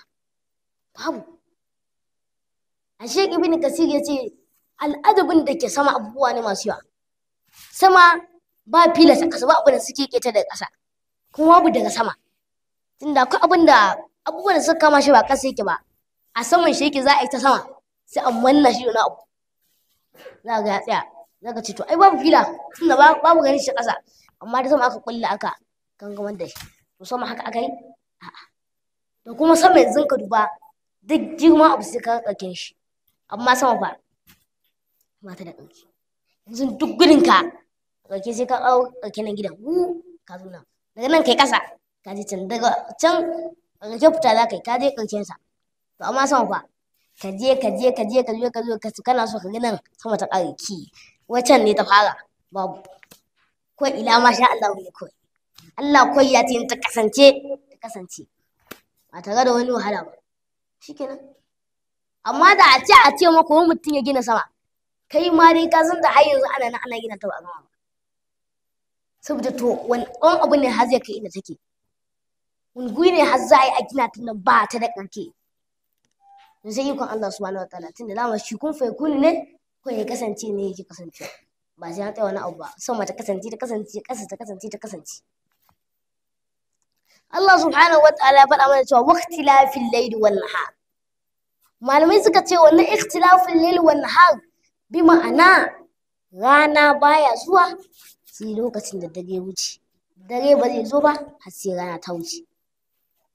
babu ashe ibn kasir ya ce al'adabin da ke sama abubuwa ne masu yawa sama ba filas a ƙasa ba abin da suke keta daga ƙasa kuma babu daga sama tunda akwai abin da abubuwan da suka kama shi ba ƙasa yake ba a saman shi yake za a yi ta sama sai a manna shi na abu za ga ya tsaya za ka ce to ai babu fila tunda babu ganin shi ƙasa amma da sama aka kulla aka gangamar da shi to sama haka aka yi da kuma sama yanzu ka duba duk girma abu sai ka kake shi amma sama fa Mata ta da ƙarfi yanzu duk gudun ka ɗauke sai ka au ɗauke nan gidan wu ka zo nan daga nan kai ƙasa ka je can daga can ɗauke fita za ka yi ka je ƙarshen sa to amma sama fa ka je ka je ka je ka je ka zo ka su kana so ka ga nan sama ta ƙare ki wacan ne ta fara babu ko ila ma sha Allah ne ko Allah kawai ya ce ta kasance ta kasance ba tare da wani wahala ba shikenan amma da a ce a ce maka wani mutum ya gina sama kai ma dai ka san da har yanzu ana nan ana gina ta ba a gama saboda to wani abu ne har zai kai inda take wani ne har za a yi a gina ta nan ba ta da ƙarke da sai ikon Allah su subhanahu wataala tunda dama shi kun fai kun ne ko ya kasance ne yake kasance ba sai an tsaya wani abu ba sama ta kasance ta kasance ƙasa ta kasance ta kasance Allah subhanahu wataala ya faɗa mana cewa waqtilafil layli wan nahar malamai suka ce wannan ikhtilafil layli wan nahar bi ma'ana rana baya zuwa sai lokacin da dare wuce dare ba zai zo ba har sai rana ta wuce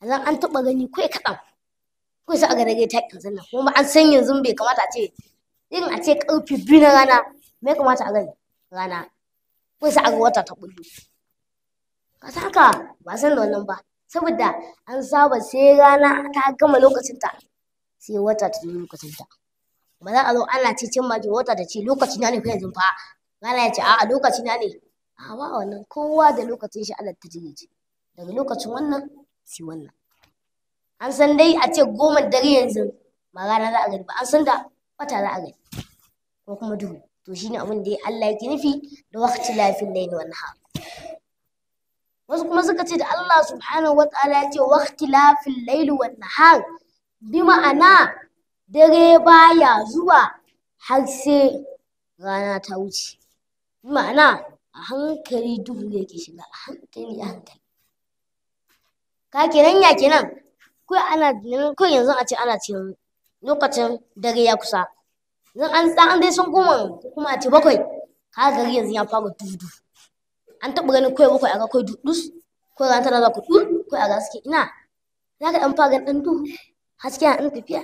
zan an taɓa gani kai kaɗan kai sai a ga dare ta ƙin nan kuma an san yanzu bai kamata a ce irin a ce ƙarfe biyu na rana me kamata a gani rana kai sai a ga wata ta ɓullo kasa haka ba san da wannan ba saboda an saba sai rana ta gama lokacinta sai wata ta zo ta ba za a zo ana ce cin maki wata da ce lokaci na ne fa yanzu fa Allah ya ce a'a lokaci na ne a ba wannan kowa da lokacin shi Allah ta shi. daga lokacin wannan shi wannan an san dai a ce goma dare yanzu ba rana za a gani ba an san da wata za a gani ko kuma duhu to shine abin da Allah yake nufi da waqti lafin layl wan nahar wasu kuma suka ce da Allah subhanahu wataala ya ce waqti lafin layl wan nahar bi ma'ana dare baya zuwa har sai rana ta wuce ma'ana a hankali duhu ke shiga a hankali a hankali ka kenan ya kenan kai ana kai yanzu a ce ana cikin lokacin dare ya kusa yanzu an tsan an dai sun goma kuma a ce bakwai ka gari yanzu ya fara dudu an taɓa ganin kai bakwai a ga kai dudus ko ran tana za ku dur kawai a ga suke ina za ka ɗan fara ɗan duhu haske na ɗan tafiya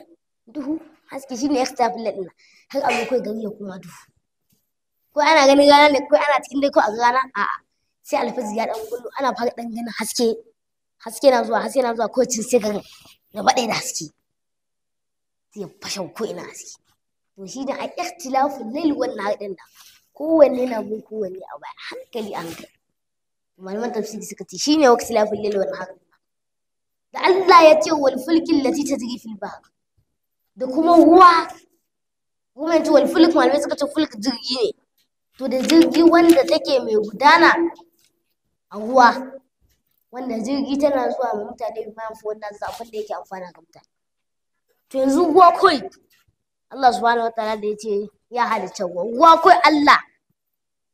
duhu haske shine ya tafi ladin har abin kai gari ya kuma duhu ko ana ganin rana ne ko ana cikin dai ko a rana a sai alfazi ya dan gullo ana fara dan ganin haske haske na zuwa haske na zuwa ko cin sai gari gaba bade da haske sai fashin ko ina haske to shi da a ikhtilafun lail wal nahar din da kowanne na bin kowanne a baya hankali a hankali malaman tafsiri suka ce shine wa ikhtilafun lail wal nahar da Allah ya ce wal fulkin lati tajri fil bahr da kuma ruwa women wal fulik malamai suka ce fulik jirgi ne to da jirgi wanda take mai gudana a ruwa wanda jirgi tana zuwa mai mutane bi mafi wannan zafin da yake amfana ga mutane to yanzu ruwa kawai Allah subhanahu wataala da ya ce ya halicce ruwa ruwa kawai Allah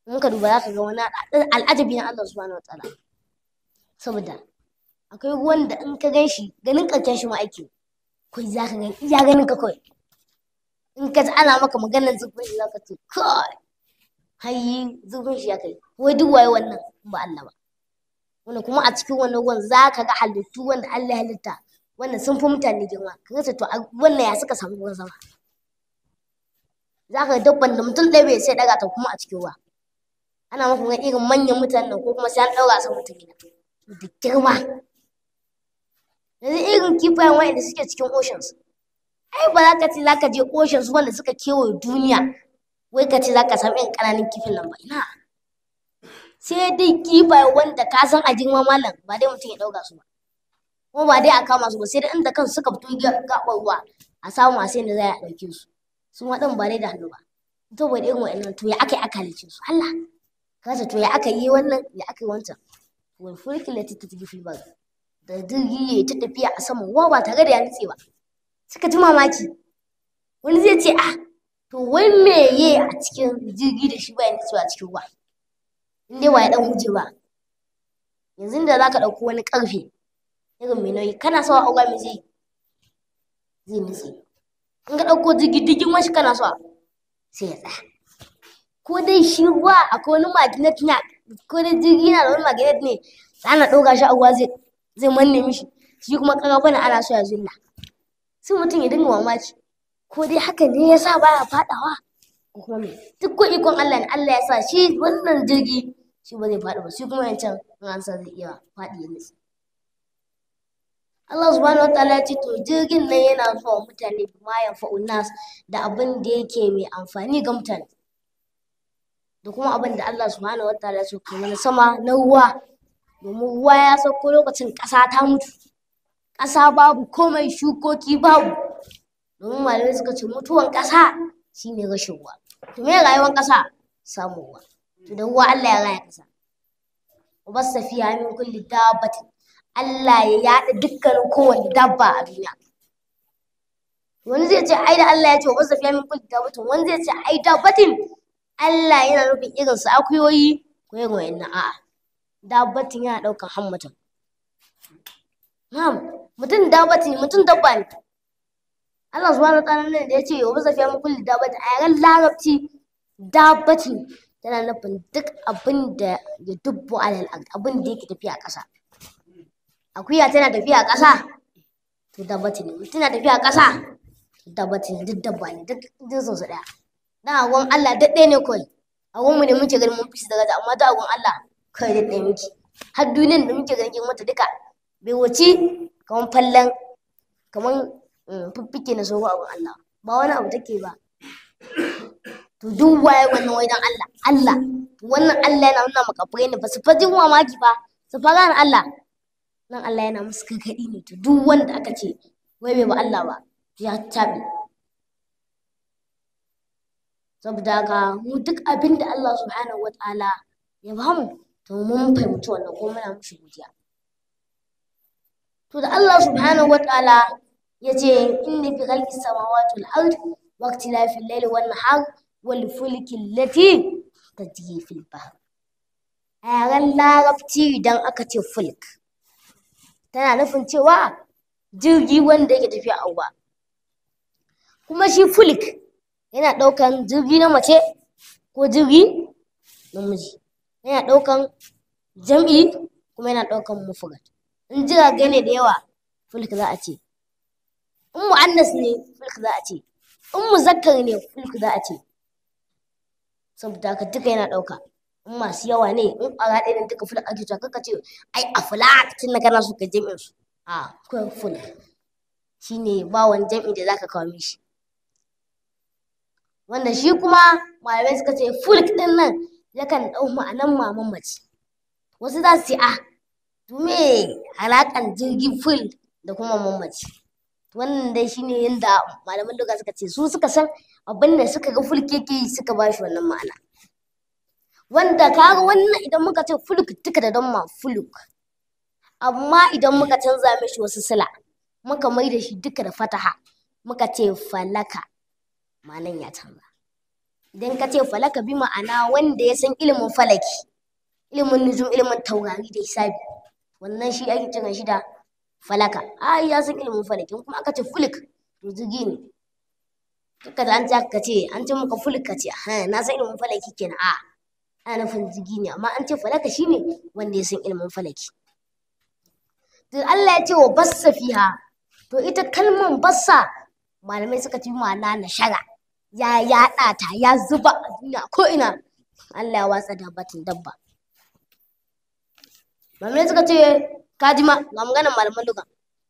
in ka duba za ka ga wani al'ajabi na Allah subhanahu wataala saboda akwai ruwan da in ka gan shi ganin ƙarshen shi ma ake kai za ka gani iya ganin ka kawai in ka ji ana maka maganar zubin shi za ka ce kai hayi zubin shi ya kai wai duk waye wannan ba Allah ba wanda kuma a cikin wannan gwan za ka ga halittu wanda Allah ya halitta wanda sun fi mutane girma ka rasa to wannan ya suka samu ruwan sama za ka ga dabban da mutum ɗaya bai sai ɗaga ta kuma a cikin ruwa ana maka irin manyan mutanen ko kuma sai an ɗaura su mutum gida da girma yanzu irin kifayen wa'anda suke cikin oceans ai ba za ka ce za ka je oceans wanda suka kewaye duniya wai ka ce za ka samu yan ƙananan kifin nan ba ina sai dai kifayen wanda ka san a girma malam ba dai mutum ya ɗauka su ba kuma ba dai a kama su ba sai dai inda kan suka fito gaɓar ruwa a samu masu yadda za a ɗauke su su waɗin ba dai da hannu ba to ba da irin wa'annan to ya aka yi aka halice su Allah kasa to ya aka yi wannan ya aka yi wancan wal fulki lati tatgi fil bag da jirgi ya ta tafiya a sama ruwa ba tare da ya nutse ba suka ji mamaki wani zai ce ah to wai me ye a cikin jirgi da shi ba ya nutse a cikin ruwa in dai ba ya dan huje ba yanzu da zaka dauko wani karfe irin mai nauyi kana sawa a ruwa me zai zai nutse in ka dauko jirgi jirgin wani kana sawa sai ya tsaya ko dai shi ruwa akwai wani maginet ne ko dai jirgi na da wani magnet ne ana ɗauka shi a ruwa zai zai manne mm. mishi shi kuma kaga ana so ya zulla sai mutum ya dinga mamaci ko dai haka ne ya sa baya fadawa duk ko ikon Allah ne Allah ya sa shi wannan jirgi shi ba zai fadi ba shi kuma yancan in an sa zai iya faɗi ya Allah subhanahu wa ta'ala ce to jirgin nan yana zuwa mutane ma ya fa'u nas da abin da yake mai amfani ga mutane da kuma abin da Allah subhanahu wa ta'ala ya so mana sama na ruwa domin ruwa ya sauko lokacin ƙasa ta mutu ƙasa babu komai shukoki babu domin malamai suka ce mutuwan ƙasa shi ne rashin ruwa to me rayuwar ƙasa samu ruwa to da ruwa Allah ya raya ƙasa ubassa safiya min kulli dabbati Allah ya yaɗa dukkanin kowanne dabba a duniya wani zai ce ai da Allah ya ce ubassa safiya min kulli dabbati wani zai ce ai dabbatin Allah yana nufin irinsu akuyoyi ko irin wayannan a'a dabbatin yana ɗaukar han mutum na'am mutum dabbatin mutum dabba ne Allah subhanahu wataala ne da ya ce yau zafiya mu kulli dabbatin a yaran larabci dabbatin tana nufin duk abin da ya dubbo alal abin da yake tafiya a ƙasa akuya tana tafiya a ƙasa to dabbatin ne tana tafiya a ƙasa dabbatin ne duk dabba ne duk jinsin su ɗaya dan agon Allah daɗe ne kawai agon mu ne muke ganin mun fi su daga amma da agon Allah kai da ɗaya miki har duniyan da muke ganin mata duka bai wuce kaman fallan kaman eh, fiffike na sogo abin Allah ba wani abu take ba to duk waye wannan wai dan Allah Allah wannan Allah yana nuna maka fure ne ba su fajin mamaki ba su fara Allah nan Allah yana musu kakadi ne to duk wanda aka ce wai bai ba Allah ba ya tabi saboda ka mu duk abin da Allah subhanahu wataala ya bamu to mun fahimci wannan ko muna mushi godiya to da Allah subhanahu wataala ya ce inni fi khalqi samawati wal ard wa ikhtilafi al-layli wan nahar wal fulki allati tajri fil bahr a yaran larabci idan aka ce fulk tana nufin cewa jirgi wanda yake tafiya a ruwa kuma shi fulik yana ɗaukan jirgi na mace ko jirgi namiji yana ɗaukan jam'i kuma yana ɗaukan mufrad in ga gane da yawa fulk za a ce in annas ne fulk za a ce in zakkar ne fulk za a ce saboda ka duka yana ɗauka in masu yawa ne in ƙwara ɗaya ne duka fulk ake cewa kaka ce ai a fulak tun na kana so ka jam'i su a kawai fulk shine ba wani jam'i da zaka kawo mishi wanda shi kuma malamai suka ce fulk ɗin nan yakan ɗau ma'anan maman mace wasu za su a ah me alaƙan jirgin fil da kuma mamaci wannan dai shine yadda malaman doka suka ce su suka san abin da suka ga fil keke suka ba shi wannan ma'ana wanda kaga wannan idan muka ce fuluk duka da don ma fuluk amma idan muka canza mishi wasu sila muka mai da shi duka da fataha muka ce falaka ma'anan ya canza idan ka ce falaka bi ma'ana wanda ya san ilimin falaki ilimin nujum ilimin taurari da hisabi wannan shi ake kiran shi da falaka ai ya san ilimin falaki kuma aka ce fulik to zugi ne kaka da an ce aka ce an ce maka fulik ka ce ha na san ilimin falaki kenan a ana nufin zugi ne amma an ce falaka shine wanda ya san ilimin falaki to Allah ya ce wa bassa fiha to ita kalmar bassa malamai suka ce ma'ana na shara ya yaɗa ta ya zuba a duniya ko ina Allah ya watsa da batun dabba malamai suka ce kajima ga maganar malaman duka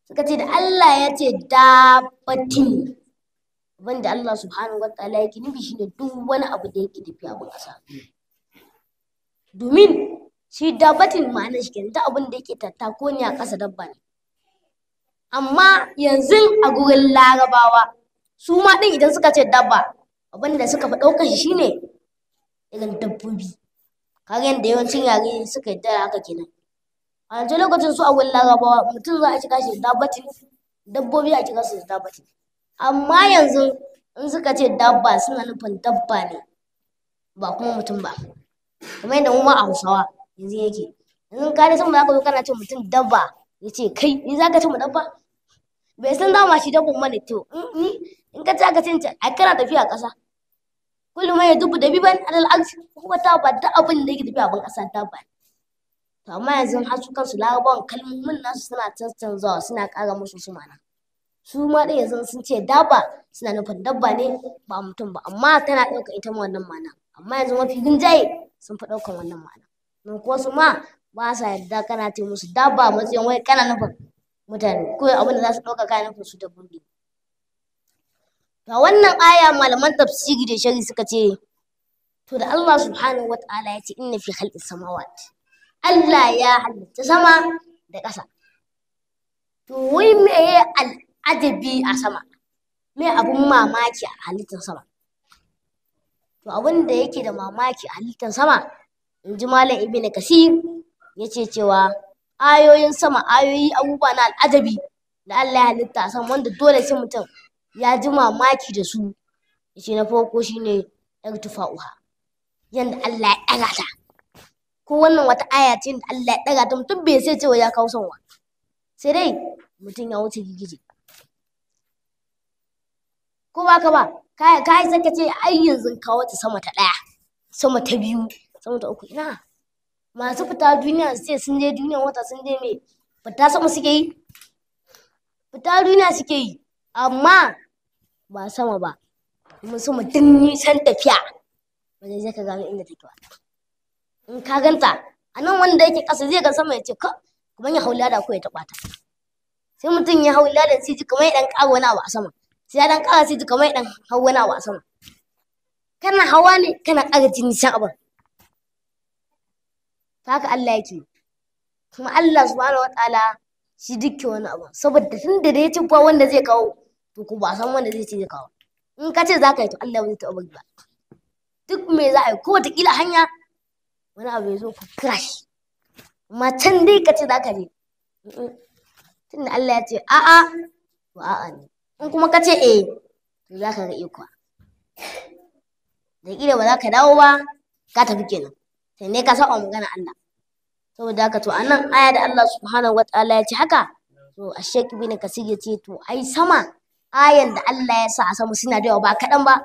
suka ce da Allah ya ce dabbatin da Allah subhanahu wa ta'ala yake nufi shine duk wani abu da yake tafiya a ƙasa domin shi dabbatin ma'anar shi kenan duk abin da yake tattako ne a ƙasa dabba ne amma yanzu a gurin larabawa su ma ɗin idan suka ce dabba abinda da suka fi ɗaukar shi ne irin dabbobi kaga yadda yawancin yare suka yi da haka kenan a yanzu lokacin su a wani larabawa mutum za a shiga shi da dabbatin dabbobi a kira su da dabbatin amma yanzu in suka ce dabba suna nufin dabba ne ba kuma mutum ba kamar yadda mu ma a hausawa yanzu yake yanzu ka ne san ba ka zo kana ce mutum dabba ya ce kai ni za ka ce mu dabba bai san dama shi dabban mana to in ka ce aka ce a kana tafiya ƙasa kullu ma dubu da biban alal kuma ta ba da abin da yake tafiya abin ta ba to amma yanzu har su kansu larabawan kalmomin nasu suna canzawa, suna ƙara musu su mana su ma ɗaya yanzu sun ce dabba suna nufin dabba ne ba mutum ba amma tana ɗauka ita wannan mana amma yanzu mafi rinjaye sun fi ɗaukan wannan mana don kuwa su ma ba sa yarda kana ce musu dabba matsayin wai kana nufin mutane ko abin da za su ɗauka kana nufin su dabbobi Ga wannan aya malaman tafsiri da shari suka ce, to da Allah subhanahu wata'ala ya ce inna fi khalqi samawati. Allah ya halitta sama da ƙasa. To wai meye al'ajabi a sama? Me abun mamaki a halittar sama? To abin da yake da mamaki a halittar sama, in ji Malam Ibn Kasir ya ce cewa ayoyin sama ayoyi abubuwa na al'ajabi da Allah ya halitta a sama wanda dole sai mutum ya ji mamaki da su ce na farko shine irtifa'uha yadda Allah ya ɗaga ta ko wannan wata aya ce da Allah ya ɗaga ta mutum bai sai cewa ya kawo sanwa sai dai mutum ya wuce gigije ko ba ka ba kai kai saka ce ai yanzu ka wuce sama ta ɗaya sama ta biyu sama ta uku ina masu fita duniya sai sun je duniya wata sun je me fita sama suke yi fita duniya suke yi amma ba sama ba kuma su mutum nisan tafiya ba zai ka gano inda take ba in ka ganta a nan wanda yake ƙasa zai ga sama ya ce ka kuma ya haula da ko ya taɓa ta sai mutum ya haula da siji ji kamar ya ɗan ƙara wani abu a sama sai ya ɗan ƙara siji ji kamar ya ɗan hau wani abu a sama kana hawa ne kana ƙara jini can abin haka Allah yake kuma Allah subhanahu ta'ala shi dukke wani abu saboda tun da ya ci ba wanda zai kawo to ko ba san wanda zai ce ka kawo in ka ce za ka yi to Allah ya zai taɓa ba duk me za a yi ko wataƙila hanya wani abu ya zo ku crash amma can dai ka ce za ka je tunda Allah ya ce a'a to a'a ne in kuma ka ce eh to za ka ga iko da ƙila ba za ka dawo ba ka tafi kenan sai ne ka sa magana Allah saboda haka to anan aya da Allah subhanahu wataala ya ce haka to a kibi ne ka sige ce to ai sama ayan da Allah ya sa a sama suna da yawa ba kaɗan ba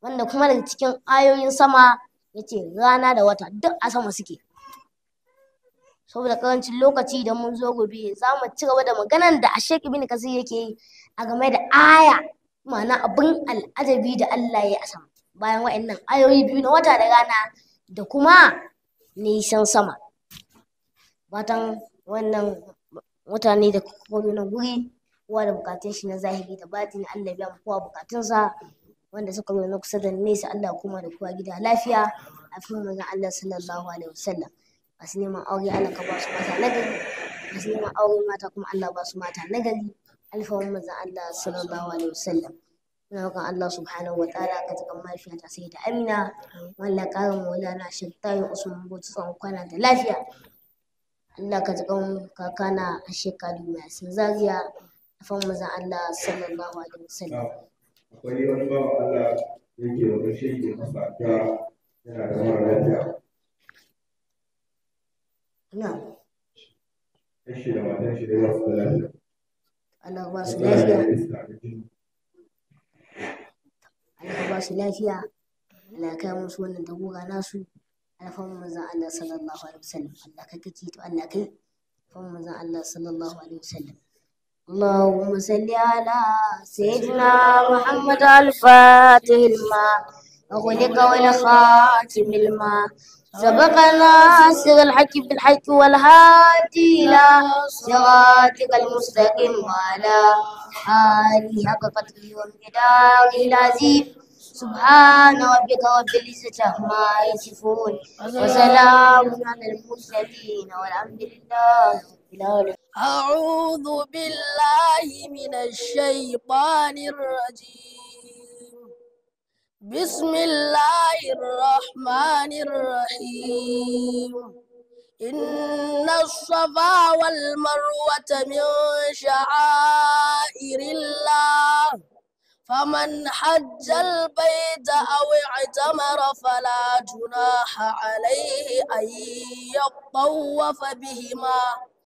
wanda kuma daga cikin ayoyin sama ya ce rana da wata duk a sama suke saboda karancin lokaci idan mun zo gobe za mu ci gaba da maganar da ashe ibn kasir yake yi a game da aya ma'ana abin al'ajabi da Allah ya a sama bayan wa'annan ayoyi biyu na wata da rana da kuma nisan sama Batan wannan mutane da kuma nan guri kowa da bukatun shi na zahiri da batini Allah ya biya mu kowa bukatunsa wanda suka zo na kusa da nesa Allah kuma da kowa gida lafiya a fi manzon Allah sallallahu alaihi wasallam masu neman aure Allah ka ba su mata nagari masu neman aure mata kuma Allah ba su mata nagari alfawar manzon Allah sallallahu alaihi wasallam muna roƙon Allah subhanahu wa ta'ala ka tukan mafiya ta sai da Amina wallan karin maulana Shattayu Usman Bauchi tsawon kwana da lafiya Allah ka tukan kakana a shekaru masu sun zariya fan mazan Allah sallallahu alaihi wasallam akwai wani bawa Allah yake wani shi masa ta yana da mara lafiya na shi da matan shi da wasu lafiya Allah ba su lafiya Allah ba su lafiya Allah ya kai musu wannan dagora nasu alfan manzan Allah sallallahu alaihi wasallam Allah kai kake to Allah kai alfan manzan Allah sallallahu alaihi wasallam اللهم صل على سيدنا محمد الفاتح الماء أغلق ولخاتم الماء سبق ناصر الحق بالحق والهادي إلى صراطك المستقيم وعلى آله حق قدره وامتداره العزيز سبحان ربك رب العزة عما يصفون وسلام على المرسلين والحمد لله رب العالمين أعوذ بالله من الشيطان الرجيم بسم الله الرحمن الرحيم إن الصفا والمروة من شعائر الله فمن حج البيت أو اعتمر فلا جناح عليه أن يطوف بهما